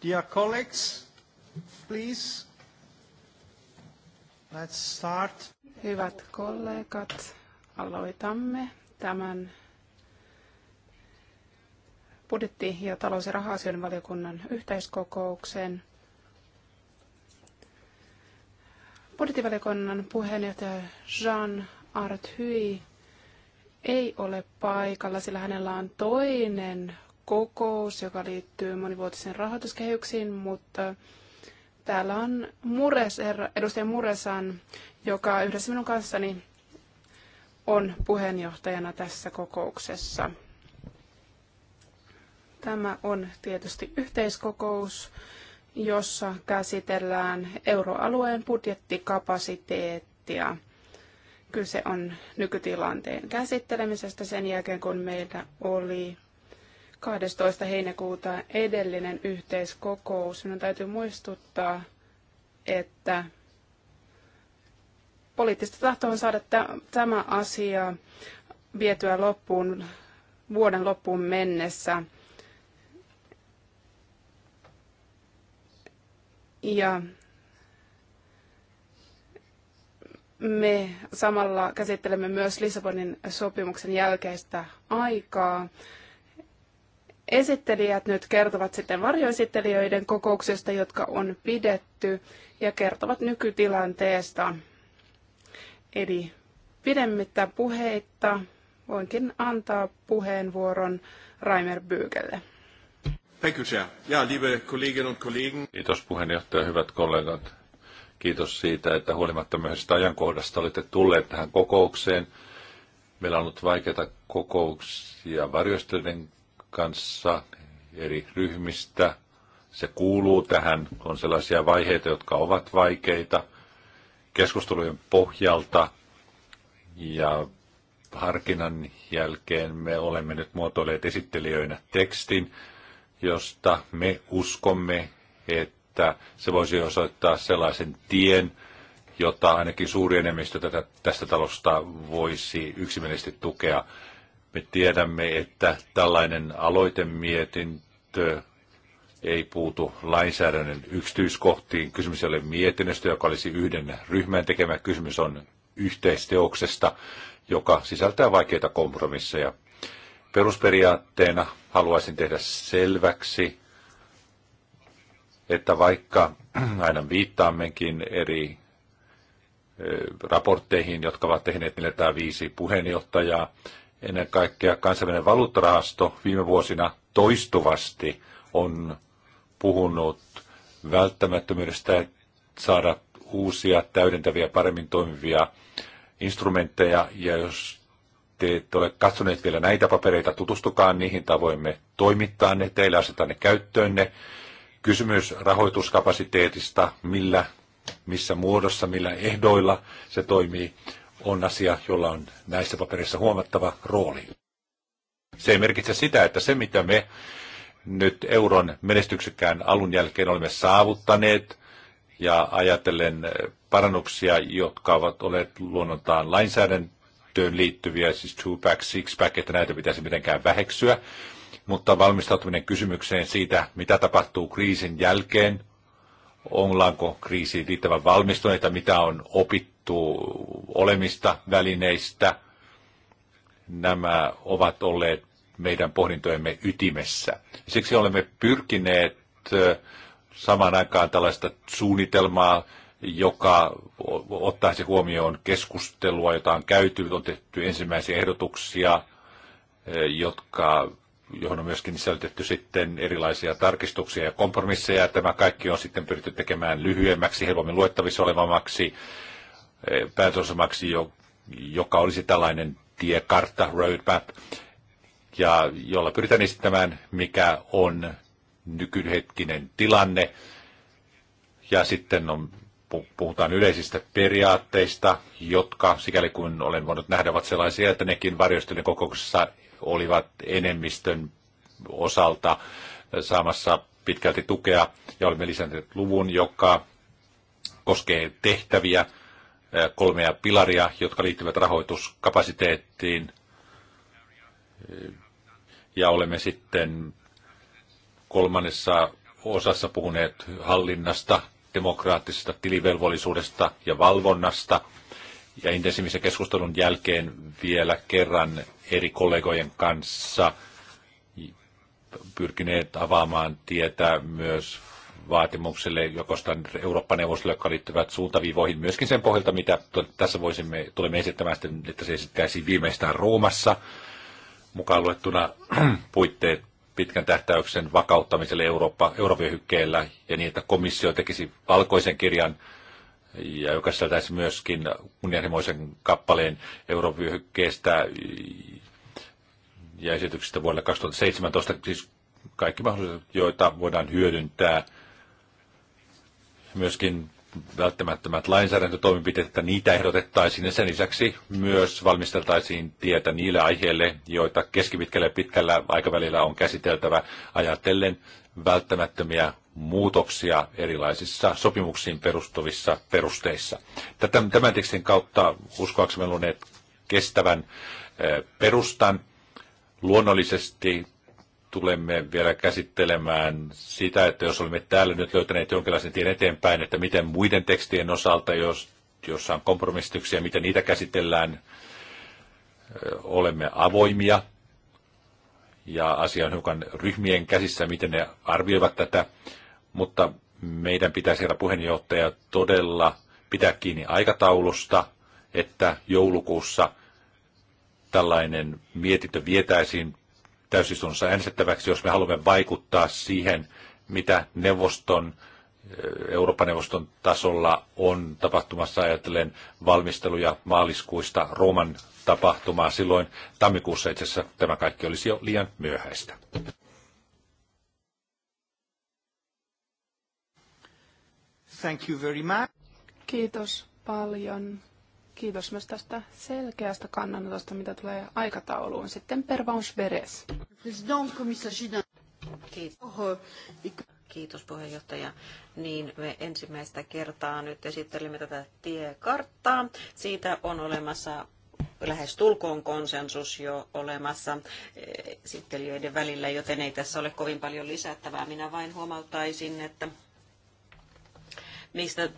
Dear colleagues, please, let's start. Hyvät kollegat, aloitamme tämän budjetti- ja talous- ja raha valiokunnan yhteiskokouksen. Budjettivaliokunnan puheenjohtaja Jean Arthuis ei ole paikalla, sillä hänellä on toinen kokous, joka liittyy monivuotisiin rahoituskehyksiin, mutta täällä on Mures, edustaja Muresan, joka yhdessä minun kanssani on puheenjohtajana tässä kokouksessa. Tämä on tietysti yhteiskokous, jossa käsitellään euroalueen budjettikapasiteettia. Kyse on nykytilanteen käsittelemisestä sen jälkeen, kun meillä oli 12. heinäkuuta edellinen yhteiskokous. Minun täytyy muistuttaa, että poliittista tahtoa on saada tämä asia vietyä loppuun vuoden loppuun mennessä. Ja me samalla käsittelemme myös Lissabonin sopimuksen jälkeistä aikaa esittelijät nyt kertovat sitten varjoesittelijöiden kokouksesta, jotka on pidetty, ja kertovat nykytilanteesta. Eli pidemmittä puheitta voinkin antaa puheenvuoron Raimer Bygelle. Ja, Kiitos puheenjohtaja, hyvät kollegat. Kiitos siitä, että huolimatta myöhäisestä ajankohdasta olette tulleet tähän kokoukseen. Meillä on ollut vaikeita kokouksia varjostelijoiden kanssa eri ryhmistä. Se kuuluu tähän, on sellaisia vaiheita, jotka ovat vaikeita keskustelujen pohjalta ja harkinnan jälkeen me olemme nyt muotoilleet esittelijöinä tekstin, josta me uskomme, että se voisi osoittaa sellaisen tien, jota ainakin suuri enemmistö tätä, tästä talosta voisi yksimielisesti tukea. Me tiedämme, että tällainen aloitemietintö ei puutu lainsäädännön yksityiskohtiin. Kysymys ei ole mietinnöstä, joka olisi yhden ryhmän tekemä. Kysymys on yhteisteoksesta, joka sisältää vaikeita kompromisseja. Perusperiaatteena haluaisin tehdä selväksi, että vaikka aina viittaammekin eri raportteihin, jotka ovat tehneet 405 puheenjohtajaa, Ennen kaikkea kansainvälinen valuuttarahasto viime vuosina toistuvasti on puhunut välttämättömyydestä saada uusia, täydentäviä, paremmin toimivia instrumentteja. Ja jos te ette ole katsoneet vielä näitä papereita, tutustukaa niihin, tavoimme toimittaa ne, teille asetaan ne käyttöönne. Kysymys rahoituskapasiteetista, millä, missä muodossa, millä ehdoilla se toimii, on asia, jolla on näissä paperissa huomattava rooli. Se ei merkitse sitä, että se mitä me nyt euron menestyksekään alun jälkeen olemme saavuttaneet, ja ajatellen parannuksia, jotka ovat olleet luonnontaan lainsäädäntöön liittyviä, siis two-pack, six-pack, että näitä pitäisi mitenkään väheksyä, mutta valmistautuminen kysymykseen siitä, mitä tapahtuu kriisin jälkeen, ollaanko kriisiin riittävän valmistuneita, mitä on opittu, puhuttu olemista välineistä. Nämä ovat olleet meidän pohdintojemme ytimessä. Siksi olemme pyrkineet samaan aikaan tällaista suunnitelmaa, joka ottaisi huomioon keskustelua, jota on käyty, on tehty ensimmäisiä ehdotuksia, jotka, johon on myöskin sisältetty sitten erilaisia tarkistuksia ja kompromisseja. Tämä kaikki on sitten pyritty tekemään lyhyemmäksi, helpommin luettavissa olevammaksi päätösomaksi, joka olisi tällainen tiekartta, roadmap, ja jolla pyritään esittämään, mikä on nykyhetkinen tilanne. Ja sitten on, puhutaan yleisistä periaatteista, jotka, sikäli kuin olen voinut nähdä, ovat sellaisia, että nekin varjostelun kokouksessa olivat enemmistön osalta saamassa pitkälti tukea, ja olemme lisänneet luvun, joka koskee tehtäviä, kolmea pilaria, jotka liittyvät rahoituskapasiteettiin. Ja olemme sitten kolmannessa osassa puhuneet hallinnasta, demokraattisesta tilivelvollisuudesta ja valvonnasta. Ja intensiivisen keskustelun jälkeen vielä kerran eri kollegojen kanssa pyrkineet avaamaan tietä myös vaatimukselle, joko Eurooppa-neuvostolle, jotka liittyvät suuntaviivoihin, myöskin sen pohjalta, mitä tässä voisimme, tulemme esittämään, että se esittäisi viimeistään Roomassa, mukaan luettuna puitteet pitkän tähtäyksen vakauttamiselle Eurooppa, eurovyöhykkeellä ja niin, että komissio tekisi valkoisen kirjan, ja joka sisältäisi myöskin kunnianhimoisen kappaleen eurovyöhykkeestä ja esityksestä vuodelle 2017, siis kaikki mahdolliset joita voidaan hyödyntää myöskin välttämättömät lainsäädäntötoimenpiteet, että niitä ehdotettaisiin ja sen lisäksi myös valmisteltaisiin tietä niille aiheille, joita keskipitkällä ja pitkällä aikavälillä on käsiteltävä ajatellen välttämättömiä muutoksia erilaisissa sopimuksiin perustuvissa perusteissa. Tätä, tämän tekstin kautta uskoaksemme luoneet kestävän eh, perustan. Luonnollisesti tulemme vielä käsittelemään sitä, että jos olemme täällä nyt löytäneet jonkinlaisen tien eteenpäin, että miten muiden tekstien osalta, jos, jossa on kompromissityksiä, miten niitä käsitellään, olemme avoimia ja asia on hiukan ryhmien käsissä, miten ne arvioivat tätä, mutta meidän pitäisi, herra puheenjohtaja, todella pitää kiinni aikataulusta, että joulukuussa tällainen mietintö vietäisiin täysistunnossa äänestettäväksi, jos me haluamme vaikuttaa siihen, mitä neuvoston, eh, Euroopan neuvoston tasolla on tapahtumassa ajatellen valmisteluja maaliskuista Rooman tapahtumaa. Silloin tammikuussa itse asiassa tämä kaikki olisi jo liian myöhäistä. Thank you very much. Kiitos paljon. Kiitos myös tästä selkeästä kannanotosta, mitä tulee aikatauluun. Sitten Pervaus Veres. Kiitos. Kiitos puheenjohtaja. Niin me ensimmäistä kertaa nyt esittelimme tätä tiekarttaa. Siitä on olemassa lähes tulkoon konsensus jo olemassa eh, esittelijöiden välillä, joten ei tässä ole kovin paljon lisättävää. Minä vain huomauttaisin, että mistä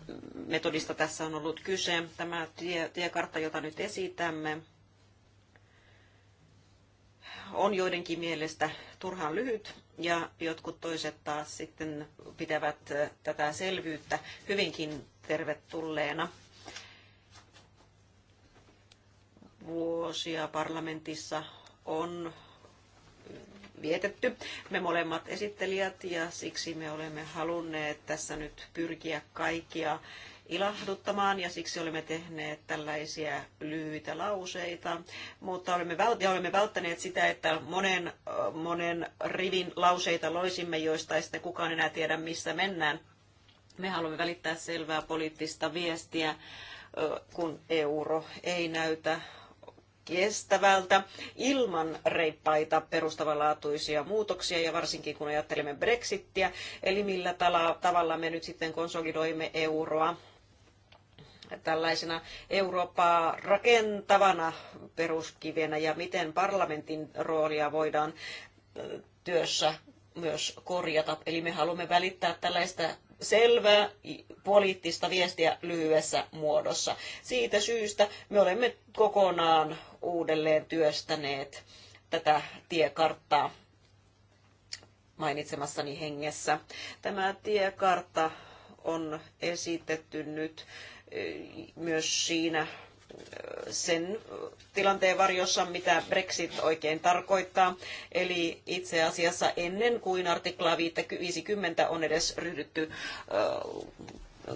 metodista tässä on ollut kyse. Tämä tie, tiekartta, jota nyt esitämme, on joidenkin mielestä turhan lyhyt ja jotkut toiset taas sitten pitävät tätä selvyyttä hyvinkin tervetulleena. Vuosia parlamentissa on vietetty, me molemmat esittelijät, ja siksi me olemme halunneet tässä nyt pyrkiä kaikkia ilahduttamaan ja siksi olemme tehneet tällaisia lyhyitä lauseita, mutta olemme, vält- ja olemme välttäneet sitä, että monen, monen rivin lauseita loisimme, joista ei sitten kukaan enää tiedä, missä mennään. Me haluamme välittää selvää poliittista viestiä, kun euro ei näytä kestävältä ilman reippaita perustavanlaatuisia muutoksia ja varsinkin kun ajattelemme Brexittiä, eli millä tavalla me nyt sitten konsolidoimme euroa tällaisena Eurooppaa rakentavana peruskivenä ja miten parlamentin roolia voidaan äh, työssä myös korjata. Eli me haluamme välittää tällaista selvää poliittista viestiä lyhyessä muodossa. Siitä syystä me olemme kokonaan uudelleen työstäneet tätä tiekarttaa mainitsemassani hengessä. Tämä tiekartta on esitetty nyt e, myös siinä e, sen tilanteen varjossa, mitä Brexit oikein tarkoittaa. Eli itse asiassa ennen kuin artiklaa 50 on edes ryhdytty e,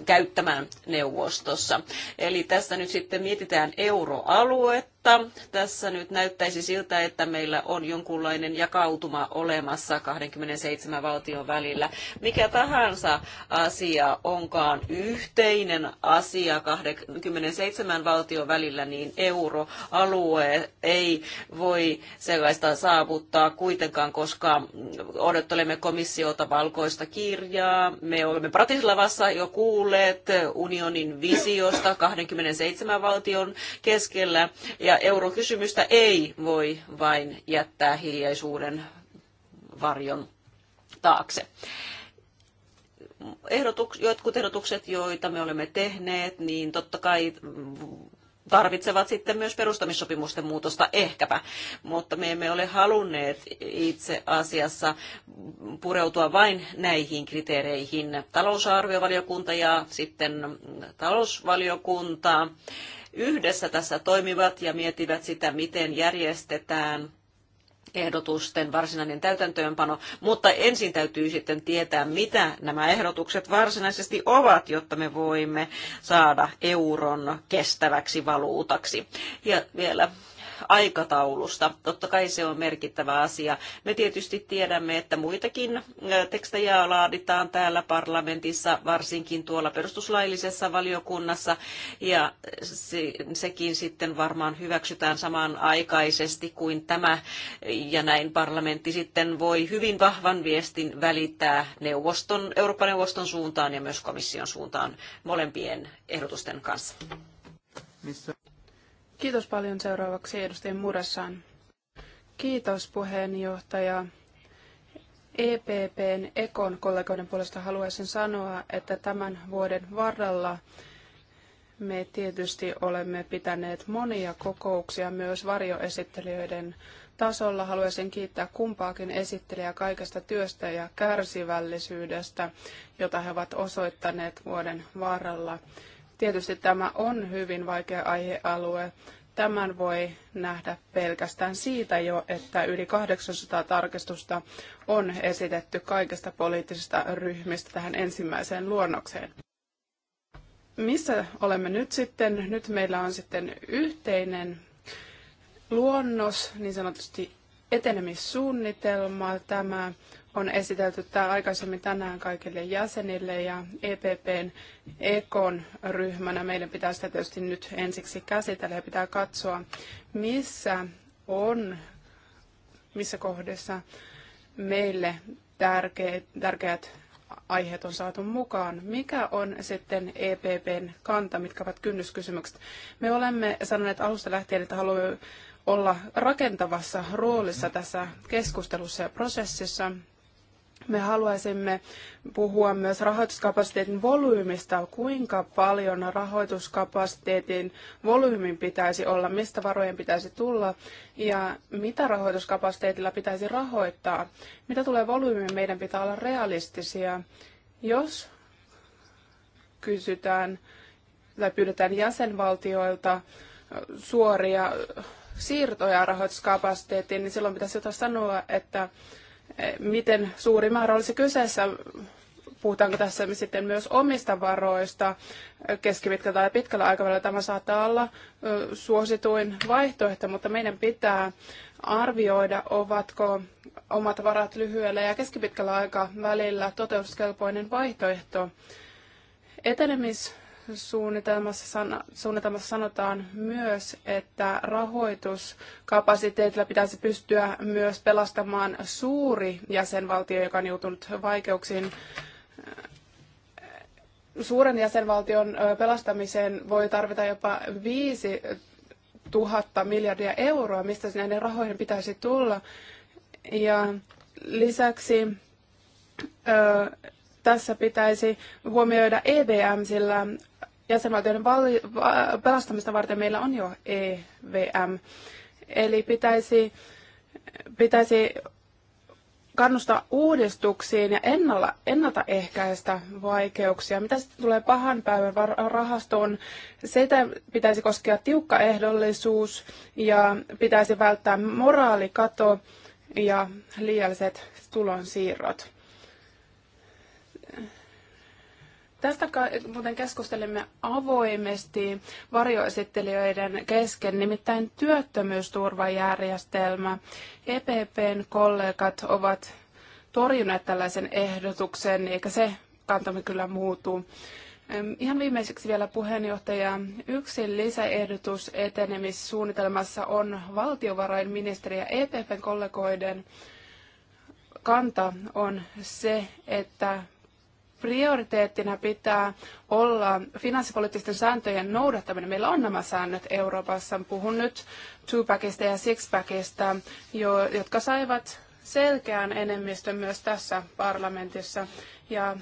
käyttämään neuvostossa. Eli tässä nyt sitten mietitään euroaluetta mutta tässä nyt näyttäisi siltä, että meillä on jonkunlainen jakautuma olemassa 27 valtion välillä. Mikä tahansa asia onkaan yhteinen asia 27 valtion välillä, niin euroalue ei voi sellaista saavuttaa kuitenkaan, koska odottelemme komissiota valkoista kirjaa. Me olemme Bratislavassa jo kuulleet unionin visiosta 27 valtion keskellä ja eurokysymystä ei voi vain jättää hiljaisuuden varjon taakse. Ehdotuk, jotkut ehdotukset, joita me olemme tehneet, niin totta kai tarvitsevat sitten myös perustamissopimusten muutosta ehkäpä, mutta me emme ole halunneet itse asiassa pureutua vain näihin kriteereihin. Talousarviovaliokunta ja sitten talousvaliokunta yhdessä tässä toimivat ja mietivät sitä, miten järjestetään ehdotusten varsinainen täytäntöönpano, mutta ensin täytyy sitten tietää, mitä nämä ehdotukset varsinaisesti ovat, jotta me voimme saada euron kestäväksi valuutaksi. Ja vielä aikataulusta. Totta kai se on merkittävä asia. Me tietysti tiedämme, että muitakin tekstejä laaditaan täällä parlamentissa, varsinkin tuolla perustuslaillisessa valiokunnassa, ja se, sekin sitten varmaan hyväksytään samanaikaisesti kuin tämä, ja näin parlamentti sitten voi hyvin vahvan viestin välittää neuvoston, Euroopan neuvoston suuntaan ja myös komission suuntaan molempien ehdotusten kanssa. Missä? Kiitos paljon seuraavaksi edustaja Murassaan. Kiitos puheenjohtaja. EPPn Ekon kollegoiden puolesta haluaisin sanoa, että tämän vuoden varrella me tietysti olemme pitäneet monia kokouksia myös varjoesittelijöiden tasolla. Haluaisin kiittää kumpaakin esittelijää kaikesta työstä ja kärsivällisyydestä, jota he ovat osoittaneet vuoden varrella. Tietysti tämä on hyvin vaikea aihealue. Tämän voi nähdä pelkästään siitä jo, että yli 800 tarkistusta on esitetty kaikista poliittisista ryhmistä tähän ensimmäiseen luonnokseen. Missä olemme nyt sitten? Nyt meillä on sitten yhteinen luonnos, niin sanotusti etenemissuunnitelma. Tämä on esitelty tämä aikaisemmin tänään kaikille jäsenille ja EPPn Ekon ryhmänä meidän pitää sitä tietysti nyt ensiksi käsitellä ja pitää katsoa, missä on, missä kohdassa meille tärkeät, tärkeät aiheet on saatu mukaan. Mikä on sitten EPPn kanta, mitkä ovat kynnyskysymykset? Me olemme sanoneet alusta lähtien, että haluamme olla rakentavassa roolissa tässä keskustelussa ja prosessissa. Me haluaisimme puhua myös rahoituskapasiteetin volyymista, kuinka paljon rahoituskapasiteetin volyymin pitäisi olla, mistä varojen pitäisi tulla ja mitä rahoituskapasiteetilla pitäisi rahoittaa. Mitä tulee volyymiin, meidän pitää olla realistisia. Jos kysytään tai pyydetään jäsenvaltioilta suoria siirtoja rahoituskapasiteettiin, niin silloin pitäisi jotain sanoa, että miten suuri määrä olisi kyseessä, puhutaanko tässä sitten myös omista varoista keskipitkällä tai pitkällä aikavälillä. Tämä saattaa olla suosituin vaihtoehto, mutta meidän pitää arvioida, ovatko omat varat lyhyellä ja keskipitkällä aikavälillä toteutuskelpoinen vaihtoehto. Etenemis suunnitelmassa, suunnitelmassa sanotaan myös, että rahoituskapasiteetilla pitäisi pystyä myös pelastamaan suuri jäsenvaltio, joka on joutunut vaikeuksiin. Suuren jäsenvaltion pelastamiseen voi tarvita jopa viisi tuhatta miljardia euroa, mistä näiden rahoihin pitäisi tulla. Ja lisäksi ö, tässä pitäisi huomioida EVM, sillä jäsenvaltioiden pelastamista varten meillä on jo EVM. Eli pitäisi, pitäisi kannustaa uudistuksiin ja ennalla, ennaltaehkäistä vaikeuksia. Mitä sitten tulee pahan päivän rahastoon? Sitä pitäisi koskea tiukka ehdollisuus ja pitäisi välttää moraalikato ja liialliset tulonsiirrot. Tästä muuten keskustelimme avoimesti varjoesittelijöiden kesken, nimittäin työttömyysturvajärjestelmä. EPPn kollegat ovat torjuneet tällaisen ehdotuksen, eikä se kantamme kyllä muutu. Ihan viimeiseksi vielä puheenjohtaja. Yksi lisäehdotus etenemissuunnitelmassa on valtiovarainministeri ja EPPn kollegoiden kanta on se, että prioriteettina pitää olla finanssipoliittisten sääntöjen noudattaminen. Meillä on nämä säännöt Euroopassa. Puhun nyt two-packista ja six-packista, jo, jotka saivat selkeän enemmistön myös tässä parlamentissa. Ja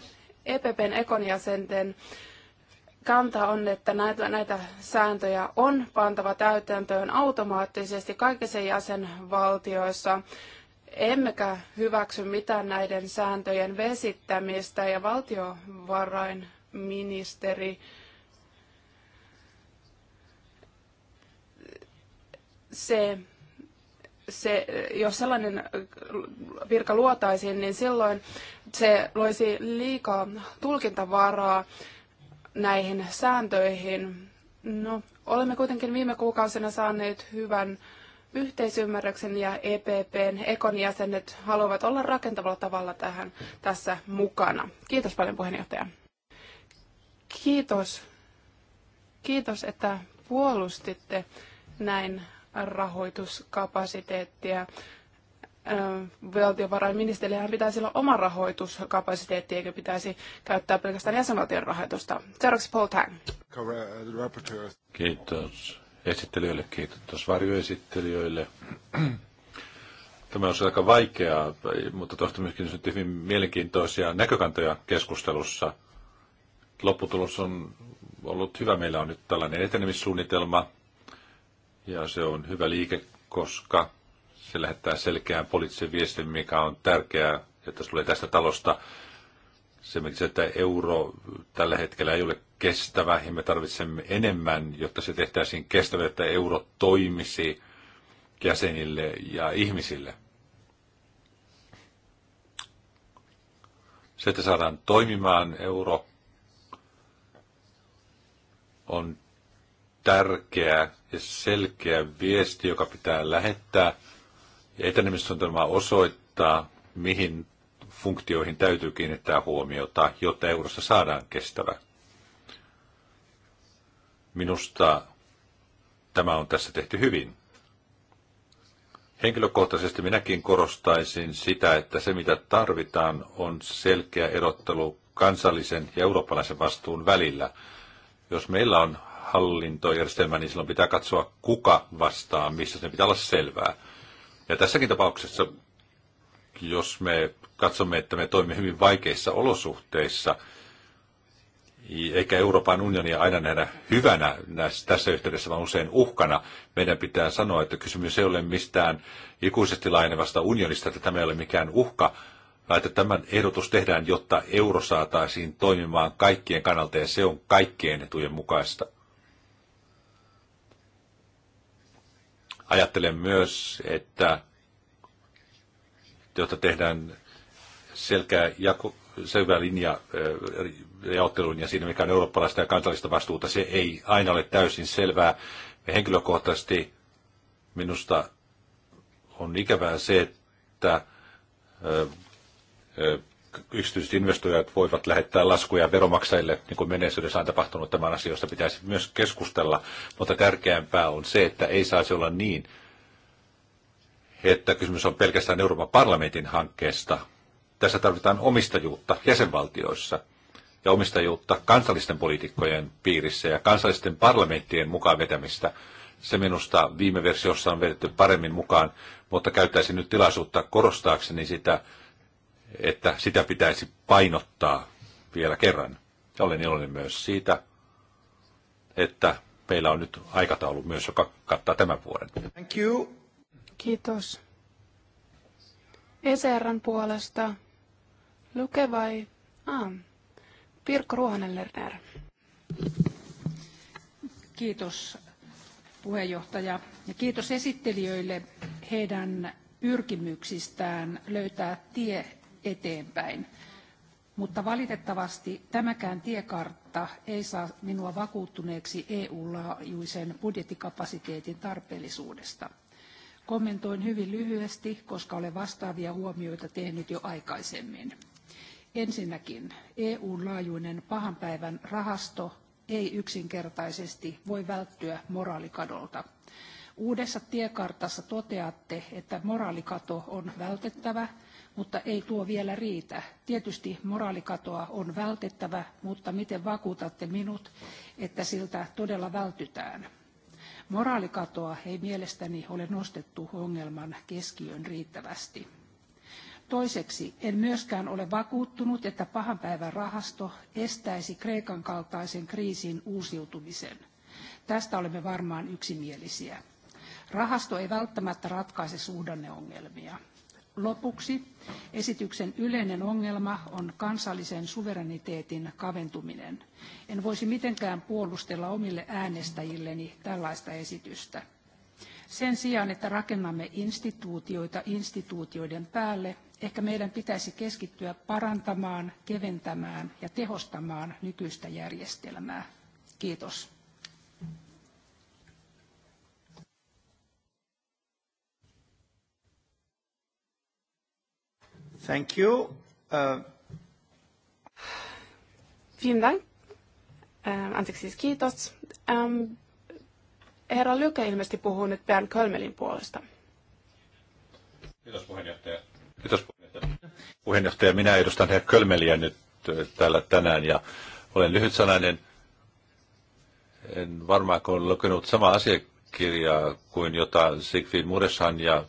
EPPn ekonjäsenten kanta on, että näitä, näitä sääntöjä on pantava täytäntöön automaattisesti kaikissa jäsenvaltioissa emmekä hyväksy mitään näiden sääntöjen vesittämistä ja valtiovarainministeri se, se, jos sellainen virka luotaisiin, niin silloin se loisi liikaa tulkintavaraa näihin sääntöihin. No, olemme kuitenkin viime kuukausina saaneet hyvän yhteisymmärryksen ja EPPn ekon jäsenet haluavat olla rakentavalla tavalla tähän tässä mukana. Kiitos paljon puheenjohtaja. Kiitos. Kiitos, että puolustitte näin rahoituskapasiteettia. Valtiovarainministeriöhän pitäisi olla oma rahoituskapasiteetti, eikä pitäisi käyttää pelkästään jäsenvaltion rahoitusta. Seuraavaksi Paul Tang. Kiitos esittelijöille, kiitos varjoesittelijöille. Tämä on aika vaikeaa, mutta tuosta myöskin nyt hyvin mielenkiintoisia näkökantoja keskustelussa. Lopputulos on ollut hyvä. Meillä on nyt tällainen etenemissuunnitelma ja se on hyvä liike, koska se lähettää selkeän poliittisen viestin, mikä on tärkeää, että se tulee tästä talosta. Se, että euro tällä hetkellä ei ole kestävä ja me tarvitsemme enemmän, jotta se tehtäisiin kestävä, että euro toimisi jäsenille ja ihmisille. Se, että saadaan toimimaan euro, on tärkeä ja selkeä viesti, joka pitää lähettää. Ja etenemissuunnitelma osoittaa, mihin funktioihin täytyy kiinnittää huomiota, jotta eurosta saadaan kestävä. Minusta tämä on tässä tehty hyvin. Henkilökohtaisesti minäkin korostaisin sitä, että se mitä tarvitaan on selkeä erottelu kansallisen ja eurooppalaisen vastuun välillä. Jos meillä on hallintojärjestelmä, niin silloin pitää katsoa, kuka vastaa, missä se pitää olla selvää. Ja tässäkin tapauksessa, jos me katsomme, että me toimimme hyvin vaikeissa olosuhteissa – eikä Euroopan unionia aina nähdä hyvänä tässä yhteydessä, vaan usein uhkana. Meidän pitää sanoa, että kysymys ei ole mistään ikuisesti lainevasta unionista, että tämä ei ole mikään uhka, vaan että tämän ehdotus tehdään, jotta euro saataisiin toimimaan kaikkien kannalta, ja se on kaikkien etujen mukaista. Ajattelen myös, että jotta tehdään selkeä jako, selvä linja jaottelun ja siinä, mikä on eurooppalaista ja kansallista vastuuta, se ei aina ole täysin selvää. Me henkilökohtaisesti minusta on ikävää se, että yksityiset investoijat voivat lähettää laskuja veromaksajille, niin kuin menneisyydessä on tapahtunut tämän asioista, pitäisi myös keskustella, mutta tärkeämpää on se, että ei saisi olla niin, että kysymys on pelkästään Euroopan parlamentin hankkeesta, tässä tarvitaan omistajuutta jäsenvaltioissa ja omistajuutta kansallisten poliitikkojen piirissä ja kansallisten parlamenttien mukaan vetämistä. Se minusta viime versiossa on vedetty paremmin mukaan, mutta käyttäisin nyt tilaisuutta korostaakseni sitä, että sitä pitäisi painottaa vielä kerran. Ja olen iloinen myös siitä, että meillä on nyt aikataulu myös, joka kattaa tämän vuoden. Thank you. Kiitos. ECRn puolesta Luke vai? Ah, Pirkko Ruohonen-Lerner. Kiitos puheenjohtaja ja kiitos esittelijöille heidän pyrkimyksistään löytää tie eteenpäin. Mutta valitettavasti tämäkään tiekartta ei saa minua vakuuttuneeksi EU-laajuisen budjettikapasiteetin tarpeellisuudesta. Kommentoin hyvin lyhyesti, koska olen vastaavia huomioita tehnyt jo aikaisemmin. Ensinnäkin eu laajuinen pahan päivän rahasto ei yksinkertaisesti voi välttyä moraalikadolta. Uudessa tiekartassa toteatte, että moraalikato on vältettävä, mutta ei tuo vielä riitä. Tietysti moraalikatoa on vältettävä, mutta miten vakuutatte minut, että siltä todella vältytään? Moraalikatoa ei mielestäni ole nostettu ongelman keskiöön riittävästi. Toiseksi en myöskään ole vakuuttunut, että pahan päivän rahasto estäisi Kreikan kaltaisen kriisin uusiutumisen. Tästä olemme varmaan yksimielisiä. Rahasto ei välttämättä ratkaise suhdanneongelmia. Lopuksi esityksen yleinen ongelma on kansallisen suvereniteetin kaventuminen. En voisi mitenkään puolustella omille äänestäjilleni tällaista esitystä. Sen sijaan, että rakennamme instituutioita instituutioiden päälle, ehkä meidän pitäisi keskittyä parantamaan, keventämään ja tehostamaan nykyistä järjestelmää. Kiitos. Thank you. Uh... Vielen Dank. Ähm, anteeksi siis kiitos. Ähm, herra Lyke ilmeisesti puhuu nyt Bernd Kölmelin puolesta. Kiitos puheenjohtaja. Kiitos puheenjohtaja. Minä edustan herra Kölmeliä nyt täällä tänään ja olen lyhytsanainen. En varmaan ole lukenut samaa asiakirjaa kuin jota Sigfrid Muresan ja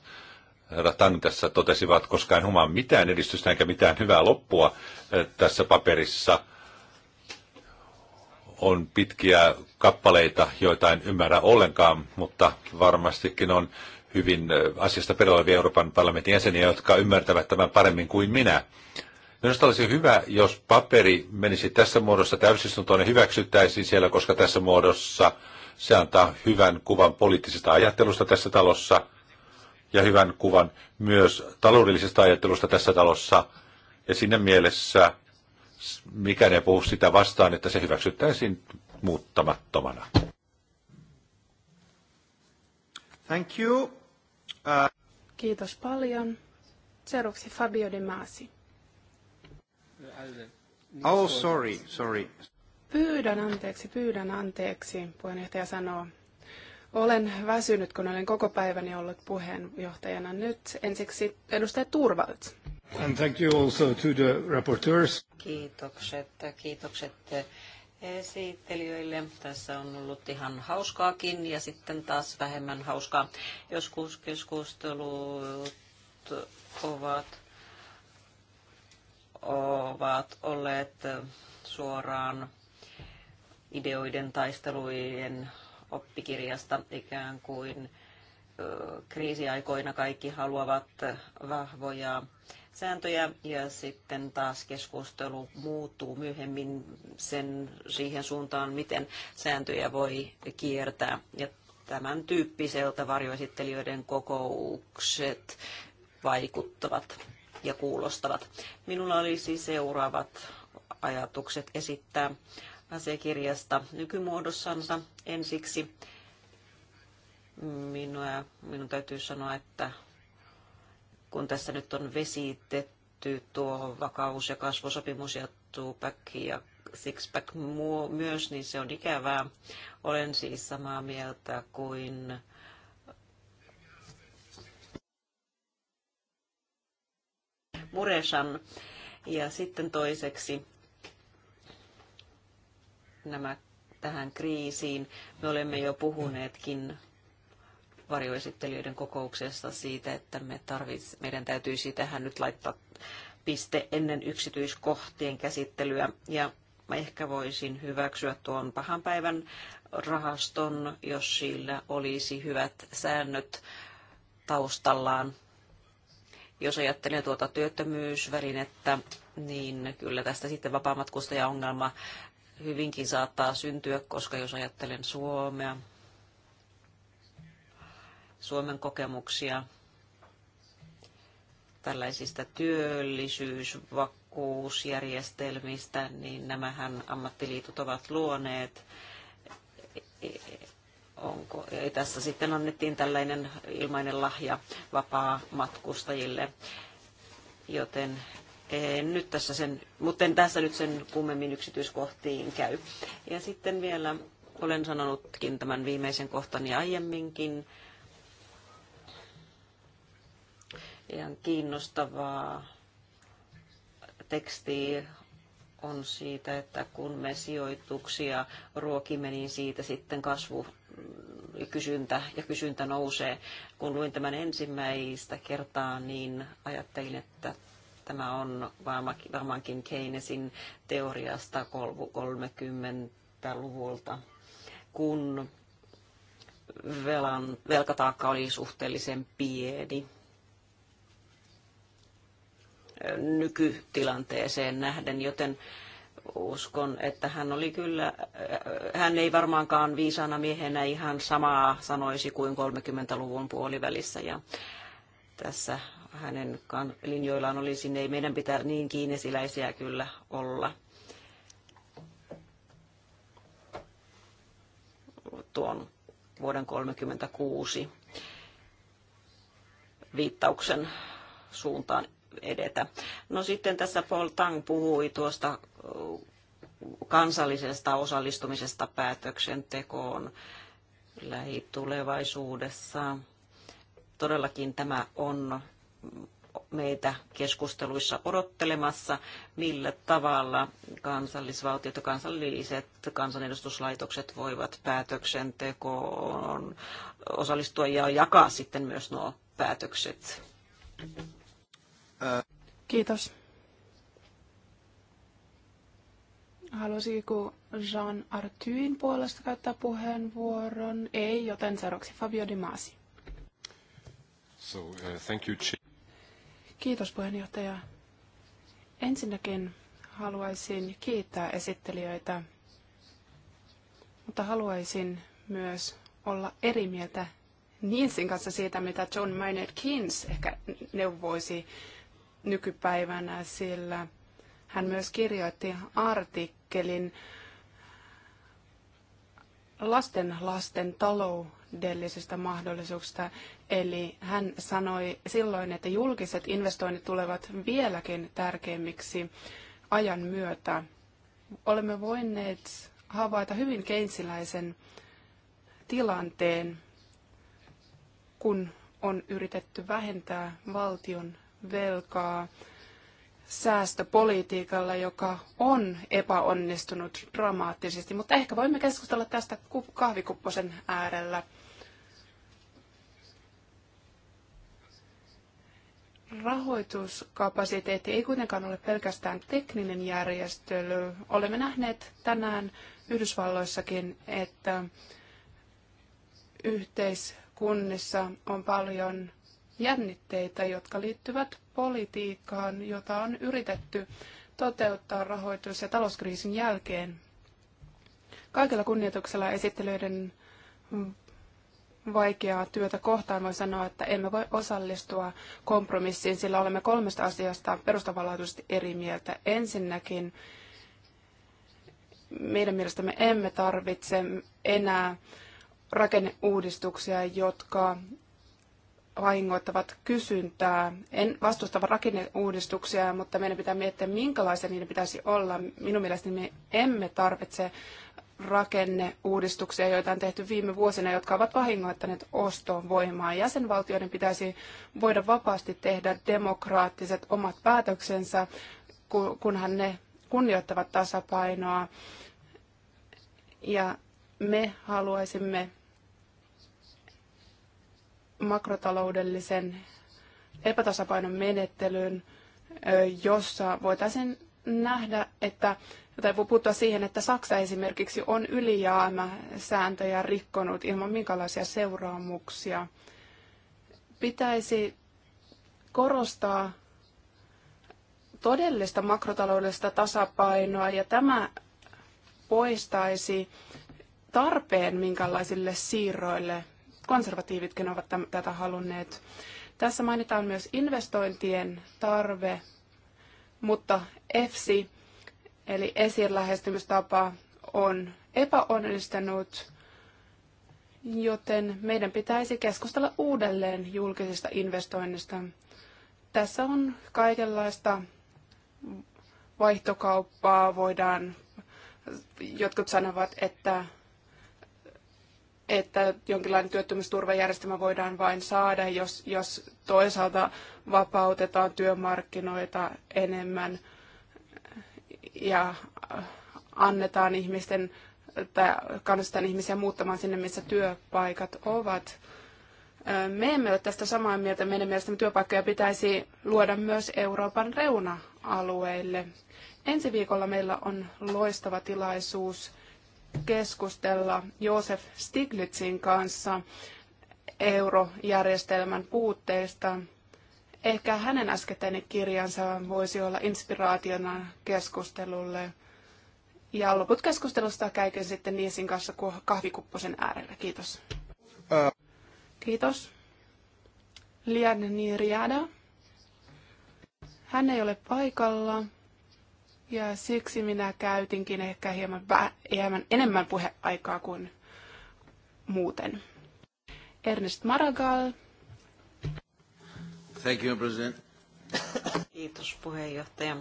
herra Tang tässä totesivat, koska en humaa mitään edistystä eikä mitään hyvää loppua tässä paperissa. On pitkiä kappaleita, joita en ymmärrä ollenkaan, mutta varmastikin on hyvin asiasta perillä Euroopan parlamentin jäseniä, jotka ymmärtävät tämän paremmin kuin minä. Minusta olisi hyvä, jos paperi menisi tässä muodossa täysistuntoon ja hyväksyttäisiin siellä, koska tässä muodossa se antaa hyvän kuvan poliittisesta ajattelusta tässä talossa ja hyvän kuvan myös taloudellisesta ajattelusta tässä talossa. Ja sinne mielessä mikä ne puhu sitä vastaan, että se hyväksyttäisiin muuttamattomana. Thank you. Kiitos paljon. Seuraavaksi Fabio De Masi. Oh, sorry, sorry. Pyydän anteeksi, pyydän anteeksi, puheenjohtaja sanoo. Olen väsynyt, kun olen koko päiväni ollut puheenjohtajana nyt. Ensiksi edustaja Turvalts. And thank you also to the rapporteurs. Kiitokset, kiitokset esittelijöille. Tässä on ollut ihan hauskaakin ja sitten taas vähemmän hauskaa. Joskus keskustelut ovat, ovat olleet suoraan ideoiden taistelujen oppikirjasta ikään kuin kriisiaikoina kaikki haluavat vahvoja sääntöjä ja sitten taas keskustelu muuttuu myöhemmin sen siihen suuntaan, miten sääntöjä voi kiertää. Ja tämän tyyppiseltä varjoesittelijöiden kokoukset vaikuttavat ja kuulostavat. Minulla olisi seuraavat ajatukset esittää asiakirjasta nykymuodossansa ensiksi. Minua, minun täytyy sanoa, että kun tässä nyt on vesitetty tuo vakaus- ja kasvusopimus ja Tupac ja Sixpack myös, niin se on ikävää. Olen siis samaa mieltä kuin Muresan. Ja sitten toiseksi nämä tähän kriisiin. Me olemme jo puhuneetkin varjoesittelijöiden kokouksessa siitä, että me tarvits, meidän täytyisi tähän nyt laittaa piste ennen yksityiskohtien käsittelyä. Ja mä ehkä voisin hyväksyä tuon pahan päivän rahaston, jos sillä olisi hyvät säännöt taustallaan. Jos ajattelee tuota työttömyysvälinettä, niin kyllä tästä sitten vapaamatkustajaongelma hyvinkin saattaa syntyä, koska jos ajattelen Suomea, Suomen kokemuksia tällaisista työllisyysvakuusjärjestelmistä, niin nämähän ammattiliitot ovat luoneet. Onko, tässä sitten annettiin tällainen ilmainen lahja vapaa matkustajille, joten en nyt tässä sen, mutta en tässä nyt sen kummemmin yksityiskohtiin käy. Ja sitten vielä olen sanonutkin tämän viimeisen kohtani aiemminkin, ihan kiinnostavaa tekstiä on siitä, että kun me sijoituksia ruokimme, niin siitä sitten kasvu ja kysyntä, ja kysyntä nousee. Kun luin tämän ensimmäistä kertaa, niin ajattelin, että tämä on varmaankin Keynesin teoriasta 30-luvulta, kun velan, velkataakka oli suhteellisen pieni nykytilanteeseen nähden, joten uskon, että hän oli kyllä, hän ei varmaankaan viisaana miehenä ihan samaa sanoisi kuin 30-luvun puolivälissä ja tässä hänen linjoillaan oli sinne, ei meidän pitää niin kiinesiläisiä kyllä olla. Tuon vuoden 1936 viittauksen suuntaan edetä. No sitten tässä Paul Tang puhui tuosta kansallisesta osallistumisesta päätöksentekoon lähitulevaisuudessa. Todellakin tämä on meitä keskusteluissa odottelemassa, millä tavalla kansallisvaltiot ja kansalliset kansanedustuslaitokset voivat päätöksentekoon osallistua ja jakaa sitten myös nuo päätökset. Kiitos. Haluaisiko Jean Artyin puolesta käyttää puheenvuoron? Ei, joten seuraavaksi Fabio Di Masi. So, uh, thank you. Kiitos puheenjohtaja. Ensinnäkin haluaisin kiittää esittelijöitä, mutta haluaisin myös olla eri mieltä Nielsin kanssa siitä, mitä John Maynard Keynes ehkä neuvoisi nykypäivänä, sillä hän myös kirjoitti artikkelin lasten lasten taloudellisista mahdollisuuksista. Eli hän sanoi silloin, että julkiset investoinnit tulevat vieläkin tärkeimmiksi ajan myötä. Olemme voineet havaita hyvin keinsiläisen tilanteen, kun on yritetty vähentää valtion velkaa säästöpolitiikalla, joka on epäonnistunut dramaattisesti, mutta ehkä voimme keskustella tästä kahvikupposen äärellä. Rahoituskapasiteetti ei kuitenkaan ole pelkästään tekninen järjestely. Olemme nähneet tänään Yhdysvalloissakin, että yhteiskunnissa on paljon jännitteitä, jotka liittyvät politiikkaan, jota on yritetty toteuttaa rahoitus- ja talouskriisin jälkeen. Kaikella kunnioituksella esittelyiden vaikeaa työtä kohtaan voi sanoa, että emme voi osallistua kompromissiin, sillä olemme kolmesta asiasta perustavanlaatuisesti eri mieltä. Ensinnäkin meidän mielestämme emme tarvitse enää rakenneuudistuksia, jotka vahingoittavat kysyntää. En vastusta rakenneuudistuksia, mutta meidän pitää miettiä, minkälaisia niiden pitäisi olla. Minun mielestäni me emme tarvitse rakenneuudistuksia, joita on tehty viime vuosina, jotka ovat vahingoittaneet ostovoimaa. Jäsenvaltioiden pitäisi voida vapaasti tehdä demokraattiset omat päätöksensä, kunhan ne kunnioittavat tasapainoa. Ja me haluaisimme makrotaloudellisen epätasapainon menettelyyn, jossa voitaisiin nähdä, että, tai puuttua siihen, että Saksa esimerkiksi on sääntöjä rikkonut ilman minkälaisia seuraamuksia. Pitäisi korostaa todellista makrotaloudellista tasapainoa ja tämä poistaisi tarpeen minkälaisille siirroille konservatiivitkin ovat täm, tätä halunneet. Tässä mainitaan myös investointien tarve, mutta EFSI, eli esir lähestymistapa, on epäonnistunut, joten meidän pitäisi keskustella uudelleen julkisista investoinnista. Tässä on kaikenlaista vaihtokauppaa, voidaan, jotkut sanovat, että että jonkinlainen työttömyysturvajärjestelmä voidaan vain saada, jos, jos toisaalta vapautetaan työmarkkinoita enemmän ja annetaan ihmisten tai kannustetaan ihmisiä muuttamaan sinne, missä työpaikat ovat. Me emme ole tästä samaa mieltä. Meidän mielestämme työpaikkoja pitäisi luoda myös Euroopan reuna-alueille. Ensi viikolla meillä on loistava tilaisuus keskustella Joosef Stiglitzin kanssa eurojärjestelmän puutteista. Ehkä hänen äskettäinen kirjansa voisi olla inspiraationa keskustelulle. Ja loput keskustelusta käykin sitten Niesin kanssa kahvikupposen äärellä. Kiitos. Ää... Kiitos. Lian Niriada. Hän ei ole paikalla. Ja siksi minä käytinkin ehkä hieman, hieman enemmän puheaikaa kuin muuten. Ernest Maragall. Thank you, President. Kiitos puheenjohtaja.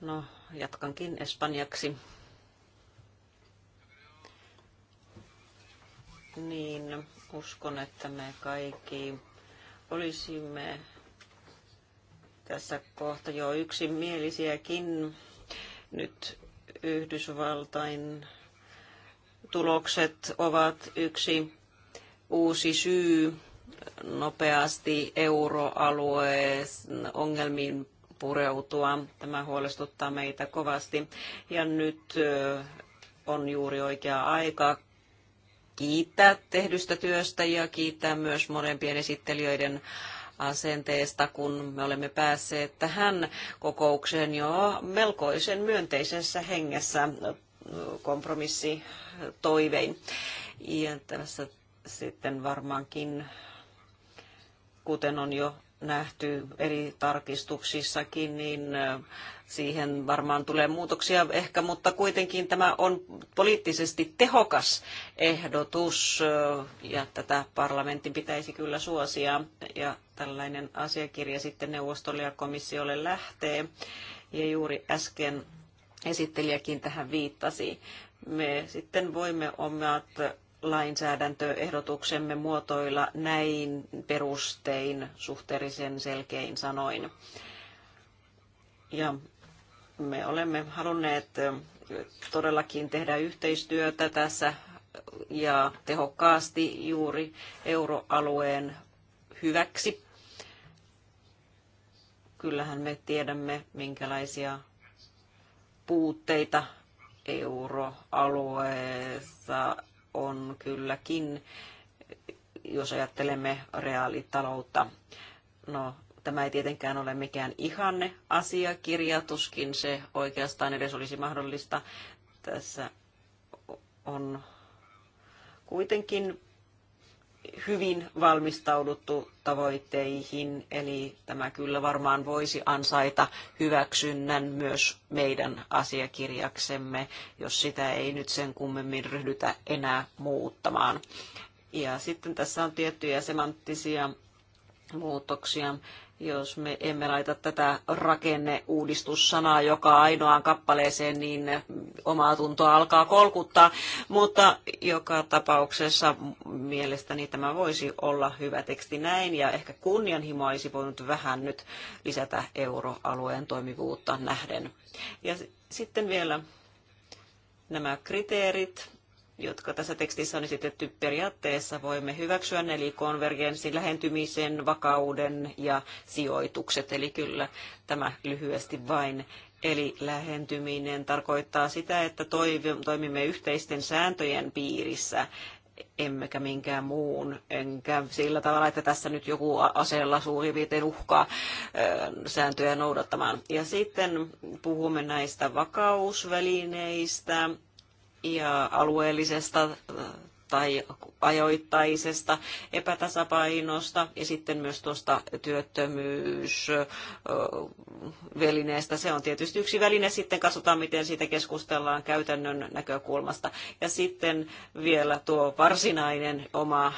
No, jatkankin espanjaksi. Niin, uskon, että me kaikki olisimme tässä kohta jo yksimielisiäkin. Nyt Yhdysvaltain tulokset ovat yksi uusi syy nopeasti euroalueen ongelmiin pureutua. Tämä huolestuttaa meitä kovasti. Ja nyt on juuri oikea aika kiittää tehdystä työstä ja kiittää myös monempien esittelijöiden asenteesta, kun me olemme päässeet tähän kokoukseen jo melkoisen myönteisessä hengessä kompromissitoivein. Ja tässä sitten varmaankin, kuten on jo nähty eri tarkistuksissakin, niin Siihen varmaan tulee muutoksia ehkä, mutta kuitenkin tämä on poliittisesti tehokas ehdotus ja tätä parlamentin pitäisi kyllä suosia. Ja tällainen asiakirja sitten neuvostolle ja komissiolle lähtee. Ja juuri äsken esittelijäkin tähän viittasi. Me sitten voimme omat lainsäädäntöehdotuksemme muotoilla näin perustein, suhteellisen selkein sanoin. Ja me olemme halunneet todellakin tehdä yhteistyötä tässä ja tehokkaasti juuri euroalueen hyväksi. Kyllähän me tiedämme, minkälaisia puutteita euroalueessa on kylläkin, jos ajattelemme reaalitaloutta. No, Tämä ei tietenkään ole mikään ihanne asiakirja, tuskin se oikeastaan edes olisi mahdollista. Tässä on kuitenkin hyvin valmistauduttu tavoitteihin, eli tämä kyllä varmaan voisi ansaita hyväksynnän myös meidän asiakirjaksemme, jos sitä ei nyt sen kummemmin ryhdytä enää muuttamaan. Ja sitten tässä on tiettyjä semanttisia muutoksia, jos me emme laita tätä rakenneuudistussanaa joka ainoaan kappaleeseen, niin omaa tuntoa alkaa kolkuttaa, mutta joka tapauksessa mielestäni tämä voisi olla hyvä teksti näin ja ehkä kunnianhimo olisi voinut vähän nyt lisätä euroalueen toimivuutta nähden. Ja sitten vielä nämä kriteerit jotka tässä tekstissä on esitetty periaatteessa, voimme hyväksyä, eli konvergenssin, lähentymisen, vakauden ja sijoitukset. Eli kyllä tämä lyhyesti vain. Eli lähentyminen tarkoittaa sitä, että toimimme yhteisten sääntöjen piirissä, emmekä minkään muun, enkä sillä tavalla, että tässä nyt joku aseella suurin piirtein uhkaa sääntöjä noudattamaan. Ja sitten puhumme näistä vakausvälineistä, ja alueellisesta tai ajoittaisesta epätasapainosta ja sitten myös tuosta työttömyysvälineestä. Se on tietysti yksi väline, sitten katsotaan miten siitä keskustellaan käytännön näkökulmasta. Ja sitten vielä tuo varsinainen oma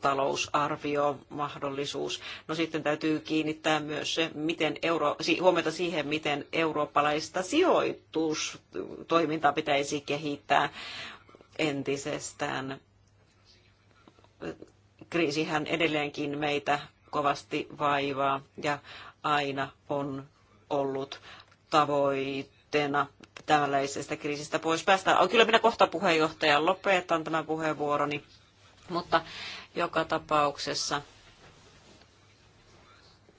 talousarvio, mahdollisuus. No sitten täytyy kiinnittää myös se, miten euro, huomiota siihen, miten eurooppalaista sijoitustoimintaa pitäisi kehittää entisestään kriisihän edelleenkin meitä kovasti vaivaa ja aina on ollut tavoitteena tällaisesta kriisistä pois päästä. Kyllä minä kohta puheenjohtaja lopetan tämän puheenvuoroni, mutta joka tapauksessa